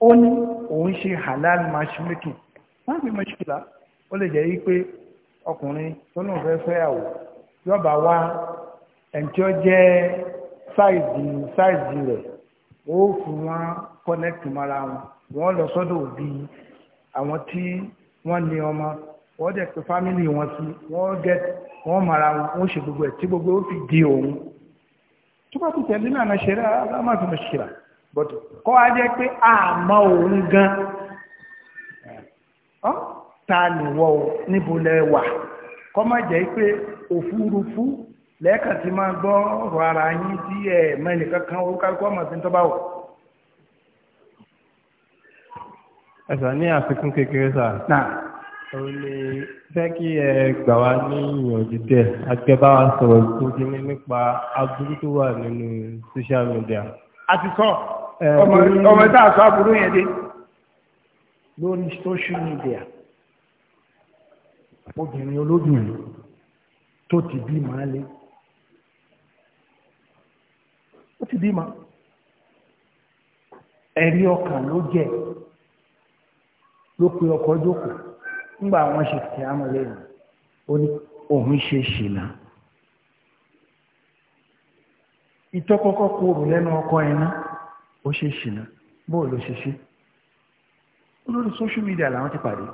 ó ní òun ṣe halal matchmaking wọ́n fi mọ̀ṣúlá ó lè jẹ́ yí pé ọkùnrin tó lóun fẹ́ fẹ́yàwó yọba wá ẹni ó jẹ́ sáìzì sáìzì rẹ̀ ó fún wọn kọ́nẹ́tì mọ́ra wọn wọ́n lọ sọ́dọ̀ òbí àwọn tí wọ́n ní ọmọ wọ́n dẹ̀ pé fámìlì wọn sí wọ́n gẹ́ wọ́n mara wọn wọ́n ṣe gbogbo ẹ̀ tí gbogbo ó fi di òun tó bá ti tẹ̀lé lànà ṣe rẹ̀ alámàtúmọ̀ ṣe rà but kọ́ á jẹ́ pé àmọ́ òun gan ọ́ ta nìwọ o níbo lẹ wà kọ́ má jẹ́ pé òfurufú lẹ́ẹ̀kan ti máa gbọ́ ọ̀rọ̀ ara yín tí ẹ̀ mẹ́nìkan kan orúkọ ọmọ sí ń tọ́ bá wọ̀. ẹ̀sà ní àfikún kékeré sà. ó lè fẹ́ kí ẹ gbà wá ní ìyànjú díẹ̀ àgbẹ̀bá wa sọ̀rọ̀ tó dín ní nípa aburú tó wà nínú social media. a ti sọ ọmọ tá a sọ aburú yẹn dé lórí social media obìnrin olóbìnrin tó ti bí máa lé ó ti bí máa ẹ̀rí ọkàn ló jẹ́ ló pe ọkọ jókòó ńgbà wọn ṣe tẹ àmọ́ ó ní òun ṣe ṣìnà ìtọkọkọ kúrò lẹ́nu ọkọ yẹn ná ó ṣe ṣìnà bóòlù ló ṣe ṣe olórí social media làwọn ti pàdé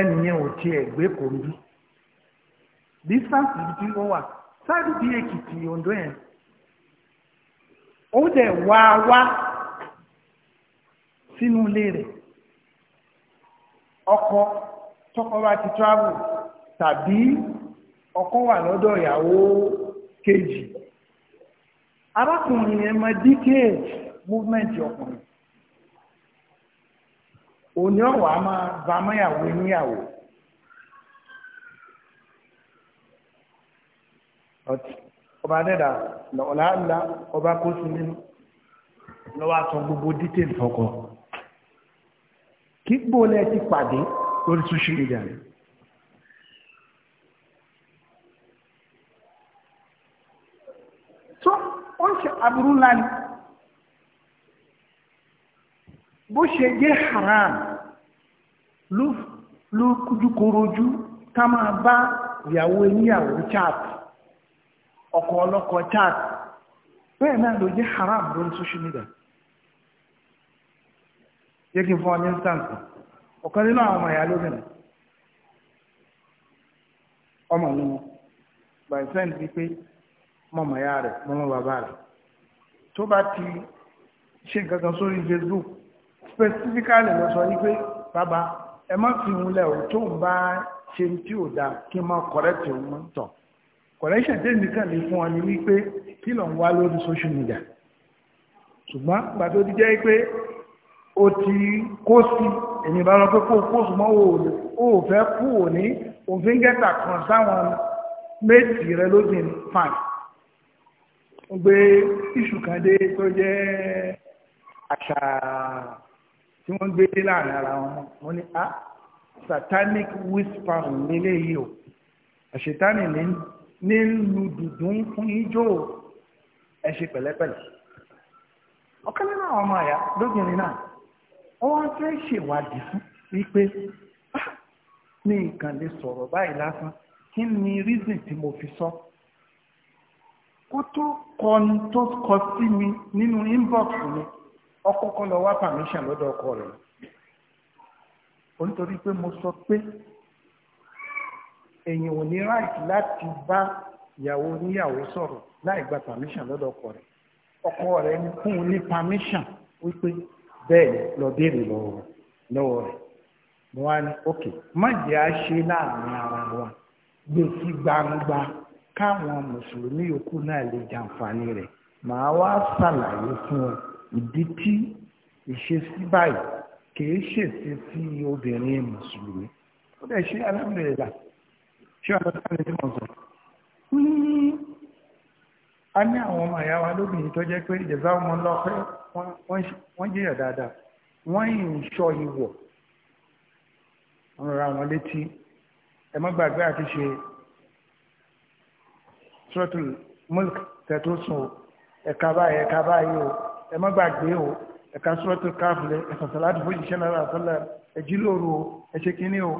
ẹnìyẹn ò tiẹ̀ gbé distance tí wọ́n wà sáàdù èkìtì yẹn ó dẹ̀ wá wá. sínú ilé rẹ̀ ọkọ tọkọ bá ti travel tàbí ọkọ wà lọ́dọ̀ ìyàwó kejì arákùnrin yẹn máa díkéèjì movement ọkùnrin òní ọ̀wà máa bá mọ́yàwó níyàwó ọba dẹ́dà lọ́la ọba kó sí nínú lọ́wọ́ àtọ gbogbo dítèlì fọkọ̀ọ́. kí gbóòlẹ̀ ti pàdé lórí social media rẹ̀ tó ó ń ṣe aburú ńlá ni bó ṣe jẹ́ haram ló kújúkorojú ká máa bá ìyàwó oníyàwó chat ọkọ ọlọ́kọ chat bẹ́ẹ̀ náà haram lórí social media jẹ́ kí n fún ọ ní instance ọ̀kan nínú àwọn ọmọ ìyá lóbìnrin ọmọ ni wọn by friend bíi pé mọ ọmọ ìyá rẹ̀ mọ ọmọ bàbá rẹ̀ tó bá ti ṣe nǹkan kan sórí Facebook specifically lọ sọ wípé bàbá ẹ má fi hun lẹ o tó ń bá ṣe tí ò dáa kí n máa correct òun tán correction tẹ́lẹ̀ nìkan lè fún ọ ní wípé kí ló ń wá lórí social media ṣùgbọ́n gbàdúrà jẹ́ pé ó ti kó sí èmi bá lọ pé kó kó sùn mọ́ ó fẹ́ kú òní òfin gẹ́ta kan sáwọn méjì rẹ lóbìnrin fine ó gbé iṣu kan dé tó jẹ́ àṣà tí wọ́n gbé dé láàrin ara wọn wọ́n ní a ah, satanic whisper nílé yìí o àṣetánì ní ní lu dùdùn fún ijó ẹ ṣe pẹ̀lẹ́pẹ̀lẹ́ ọ̀kan nínú ọmọ àyà lóbìnrin náà wọ́n fẹ́ ṣèwádìí fún wípé ní ah, nǹkan lè sọ̀rọ̀ báyìí lásán kí ni reason tí mo fi sọ kó tó kọ ní tó kọ sí mi nínú inbox mi ọkọ kọ lọ wá permission lọ́dọ̀ ọkọ rẹ̀ o nítorí pé mo sọ pé èèyàn ò ní right láti bá ìyàwó oníyàwó sọ̀rọ̀ láì gba permission lọ́dọ̀ ọkọ rẹ̀ ọkọ rẹ̀ ń fún un ní permission wípé bẹ́ẹ̀ lọ béèrè lọ́wọ́ rẹ̀ lọ́wọ́ rẹ̀ mo wá ní ok má jẹ́ á ṣe láàrin ara wa gbé sí gbangba káwọn mùsùlùmí yòókù náà lè jàǹfààní rẹ̀ màá wá ṣàlàyé fún ọ ìdí tí ìṣesí báyìí kìí ṣèṣe sí obìnrin mùsùlùmí ó dẹ̀ ṣe alámìlélà ṣé ọ̀dọ́ sáré tí mo sọ. a ní àwọn ọmọ ìyá wa lóbìnrin tó jẹ́ pé ìjẹ̀bá ọmọ lọ́fẹ́ wọ́n jẹ́yàn dáadáa wọ́n yìn sọ ìwọ̀ wọ́n ra wọn létí ẹ má gbàgbé àti ṣe suratul mulk tẹ̀tún sùn ẹ̀ka báyìí ẹ̀ka báyìí o ẹ má gbàgbé o ẹ̀ka suratul káfílẹ̀ ẹ̀sọ̀sọ̀ láti fún ìṣiṣẹ́ náírà sọ́lá ẹ̀jí lóru o ẹ̀ṣẹ̀ kínní o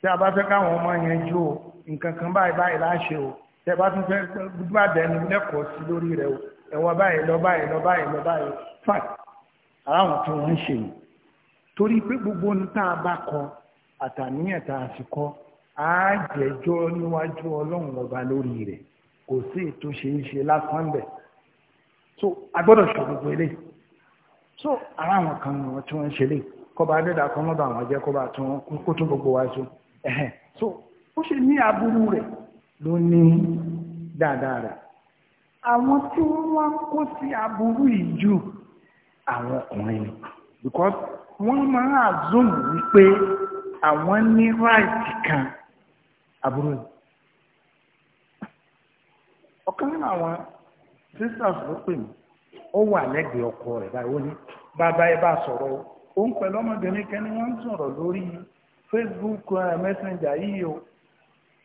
tí a bá fẹ́ káwọn ọmọ yẹn jó o nǹkan kan báyìí báyìí láṣẹ o tí a bá tún fẹ́ gbàdẹ́nu lẹ́kọ̀ọ́ sí lórí rẹ o ẹ̀wọ̀n báyìí lọ báyìí lọ báyìí lọ báyìí fat aláwọn tí wọ́n ń ṣe yìí torí pé gbogbo ní tá a bá kọ àtàníyàn tá a fi kọ á jẹ́jọ́ níwájú ọlọ́run ọba lórí rẹ̀ kò sí ètò ṣeé lásán bẹ̀ so a gbọ́dọ̀ ṣe gbogbo eléyìí so aláwọn kan ni wọ́n tí wọ́n ń ṣe léyìí kọba adéda kan mọ́ba àwọn jẹ́ kọba tún kó tún gbogbo wa so ẹ̀hẹ̀ so ó ṣe ní aburú rẹ̀ ló ní dáadáa rẹ̀ àwọn tí wọ́n kó sí aburú ìjù àwọn ọkùnrin ni because wọ́n máa àzùm wípé àwọn ní ráìtì kan aburú ni ọ̀kan nínú àwọn sisters ló pè mí ó wà lẹ́gbẹ̀ẹ́ ọkọ rẹ̀ báyìí ó ní bàbá ẹ bá sọ̀rọ̀ o òun pẹ̀lú ọmọbìnrin kan ni wọ́n ń sọ̀rọ̀ lórí Facebook eh, messenger yìí o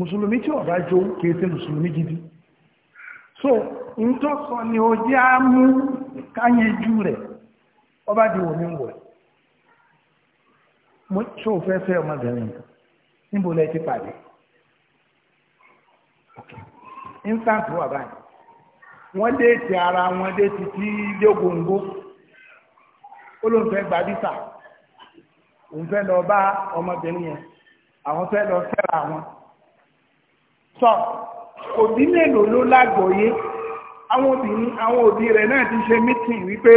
mùsùlùmí tí ọ̀bá jó kìí ṣe mùsùlùmí gidi so n tó sọ ni ó jẹ́ á mú káyẹjú rẹ̀ ọba di wò mí ń wọ̀ mo ṣó fẹ́ fẹ́ ọmọbìnrin níbo lẹ ti pàdé instant wà báyìí wọ́n dé ti ara wọn dé ti tí yógóńgó ó ló ń fẹ́ gba bísà òun fẹ́ lọ bá ọmọbìnrin yẹn àwọn fẹ́ lọ fẹ́ra wọn. tọ́ òbí mélòó ló lágbòye àwọn obìnrin àwọn òbí rẹ náà ti ṣe mítìn wípé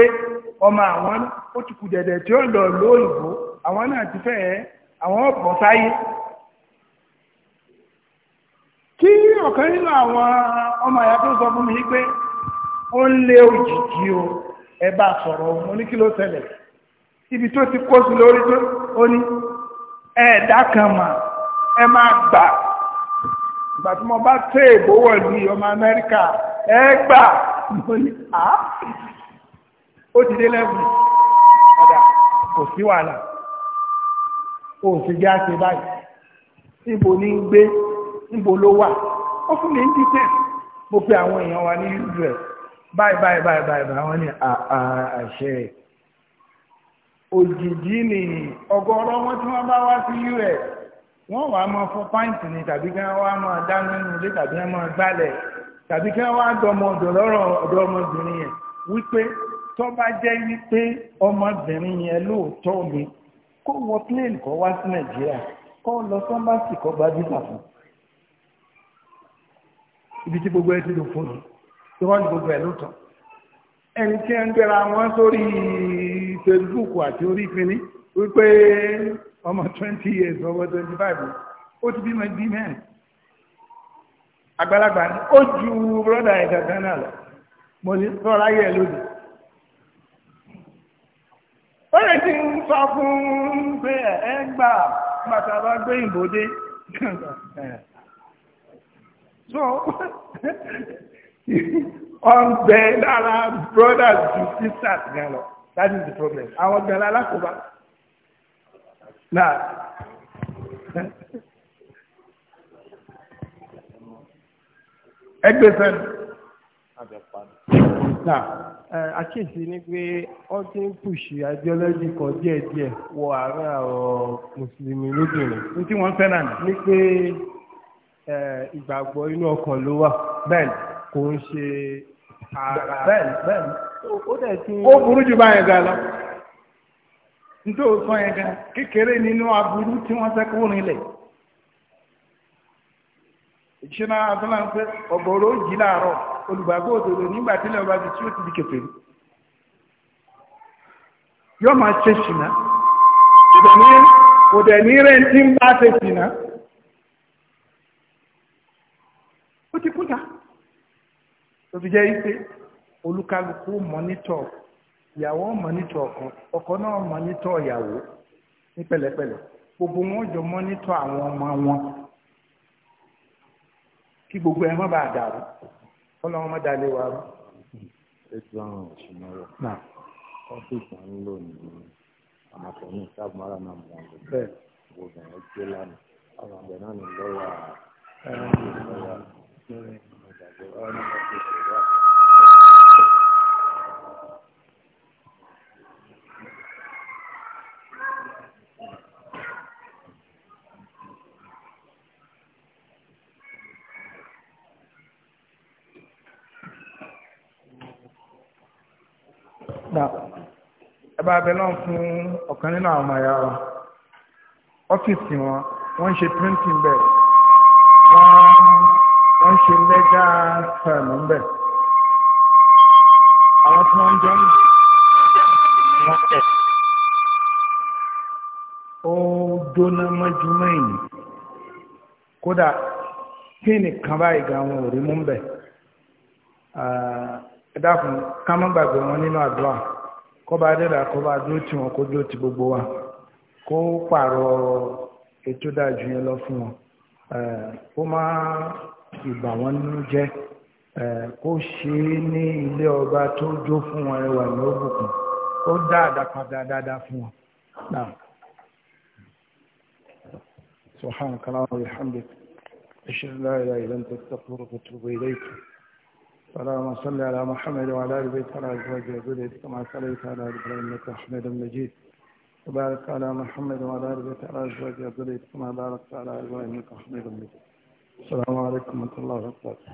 ọmọ àwọn ó ti kù tí ó lọ lóyìnbó ti àwọn ọbọ sáyé kí ọ̀kan nínú àwọn ọmọ tó sọ fún mi pé ó ń lé o ẹ bá sọ̀rọ̀ mo ní kí ló ṣẹlẹ̀ ibi tó ti kó sí lórí tó ó ní ẹ̀ẹ́dá kan mà ìgbà tí mo bá tẹ́ ìgbówọ̀ ní ọmọ amẹ́ríkà ẹgbà mo ní à ó ti dé lẹ́bùn ọ̀dà kò sí wàhálà ó sì jẹ́ àṣẹ báyìí níbo ní ń gbé níbo ló wà ó fún mi ń dípẹ́ mo pe àwọn èèyàn wa ní israel báyìí báyìí báyìí báyìí àwọn ní àṣẹ òjìjí ni ọgọ́rọ̀ wọn tí wọ́n bá wá sí us wọ́n wàá máa fọ́ pàǹtì ni tàbí kí wọ́n wá máa dáná nínú ilé tàbí wọ́n máa gbálẹ̀ tàbí kí wọ́n wá dọmọ ọ̀dọ̀ lọ́rọ̀ ọ̀dọ̀ ọmọbìnrin yẹn wípé tó bá jẹ́ wípé ọmọbìnrin yẹn lóòótọ́ ni kó wọ plane kó wá sí nàìjíríà kó lọ sọ́mbàsì kó gba visa fún ibi tí gbogbo ẹ ti lò fún mi tí wọ́n ní gbogbo ẹ lóòótọ́ ẹni tí ń gbéra wọn sórí Facebook àti orí ìpínlẹ̀ wípé ọmọ twenty years ọmọ twenty five ó ti bímọ bí mẹ́rin àgbàlagbà ni ó ju brọ́dà ẹ̀dá gánà lọ mo ní rọra yẹ lónìí. ó lè ti ń sọ fún un pé ẹ gbà bàtà bá gbé ìbò so ọ̀n bẹ brothers brọ́dà ju sisters gan lọ that is the problem àwọn gan lálákòóbá náà ẹgbẹ́ sẹ́nu. náà àkíyèsí ni pé wọ́n ti ń pùṣì ideology kan díẹ̀díẹ̀ wọ àárín àwọn mùsùlùmí lóbìnrin. ní tí wọ́n fẹ́ náà ni pé ìgbàgbọ́ inú ọkàn ló wà. bẹ́ẹ̀ni kò ń ṣe ara. bẹ́ẹ̀ni bẹ́ẹ̀ni ó dẹ̀ ti. ó burú jù báyẹn gan lọ. nítorí òsàn yẹn gan kékeré nínú aburú tí wọ́n fẹ́ kó rinlẹ̀ ìṣúná abúláńpẹ́ ọ̀gọ̀rọ̀ òjì láàárọ̀ olùgbàgbọ́ òdòdó nígbà tí lẹ́wọ́ ti tí ó ti di kèfèrí yóò máa ṣe ṣìnà kò dẹ̀ ní rẹ̀ tí ń bá ṣe ṣìnà ó ti kúta tó fi jẹ́ olúkálukú ìyàwó mọ̀nítọ̀ ọkọ ọkọ náà mọ̀nítọ̀ ìyàwó ní pẹ̀lẹ́pẹ̀lẹ́ gbogbo wọn jọ mọ̀nítọ̀ àwọn ọmọ wọn kí gbogbo ẹ má bàa dàrú ọlọ́run má dalẹ̀ wa rú. ètò àwọn òṣùnà rẹ̀ ọ́fíìsì ń lò ní àmàtọ̀mí sábàmọ́ra náà mọ̀ ọ́n bẹ́ẹ̀ gbogbo ẹ̀ gbé lánàá àwọn àgbẹ̀ náà ní lọ́wọ́ àwọn ọmọ ìgbàgbọ́ wọn ní wọ́n ti ṣèwà. na ẹ bá abẹ fún ọ̀kan nínú àwọn ọmọ wọn wọ́n printing bẹ́ẹ̀ wọ́n ń ṣe legal firm àwọn tí wọ́n ń jẹ́ wọ́n tẹ̀ ó dóná ẹ̀dàkùn ká má gbàgbé wọn nínú àdúrà kọba adẹ́dà kọba dúró tí wọn kó dúró ti gbogbo wa kó pààrọ̀ ètò dájú yẹn lọ fún wọn kó má ìbà wọn nínú jẹ́ kó ṣe é ní ilé ọba tó jó fún wọn ẹwà ní òbùkún kó dá àdápadà dáadáa fún wọn. سبحانك اللهم وبحمدك أشهد أن لا إله إلا أنت أستغفرك وأتوب إليك اللهم صل على محمد وعلى ال بيت على ازواج وذريته كما صليت على ال ابراهيم انك حميد مجيد وبارك على محمد وعلى ال بيت على ازواج وذريته كما باركت على ابراهيم انك حميد مجيد السلام عليكم ورحمه الله وبركاته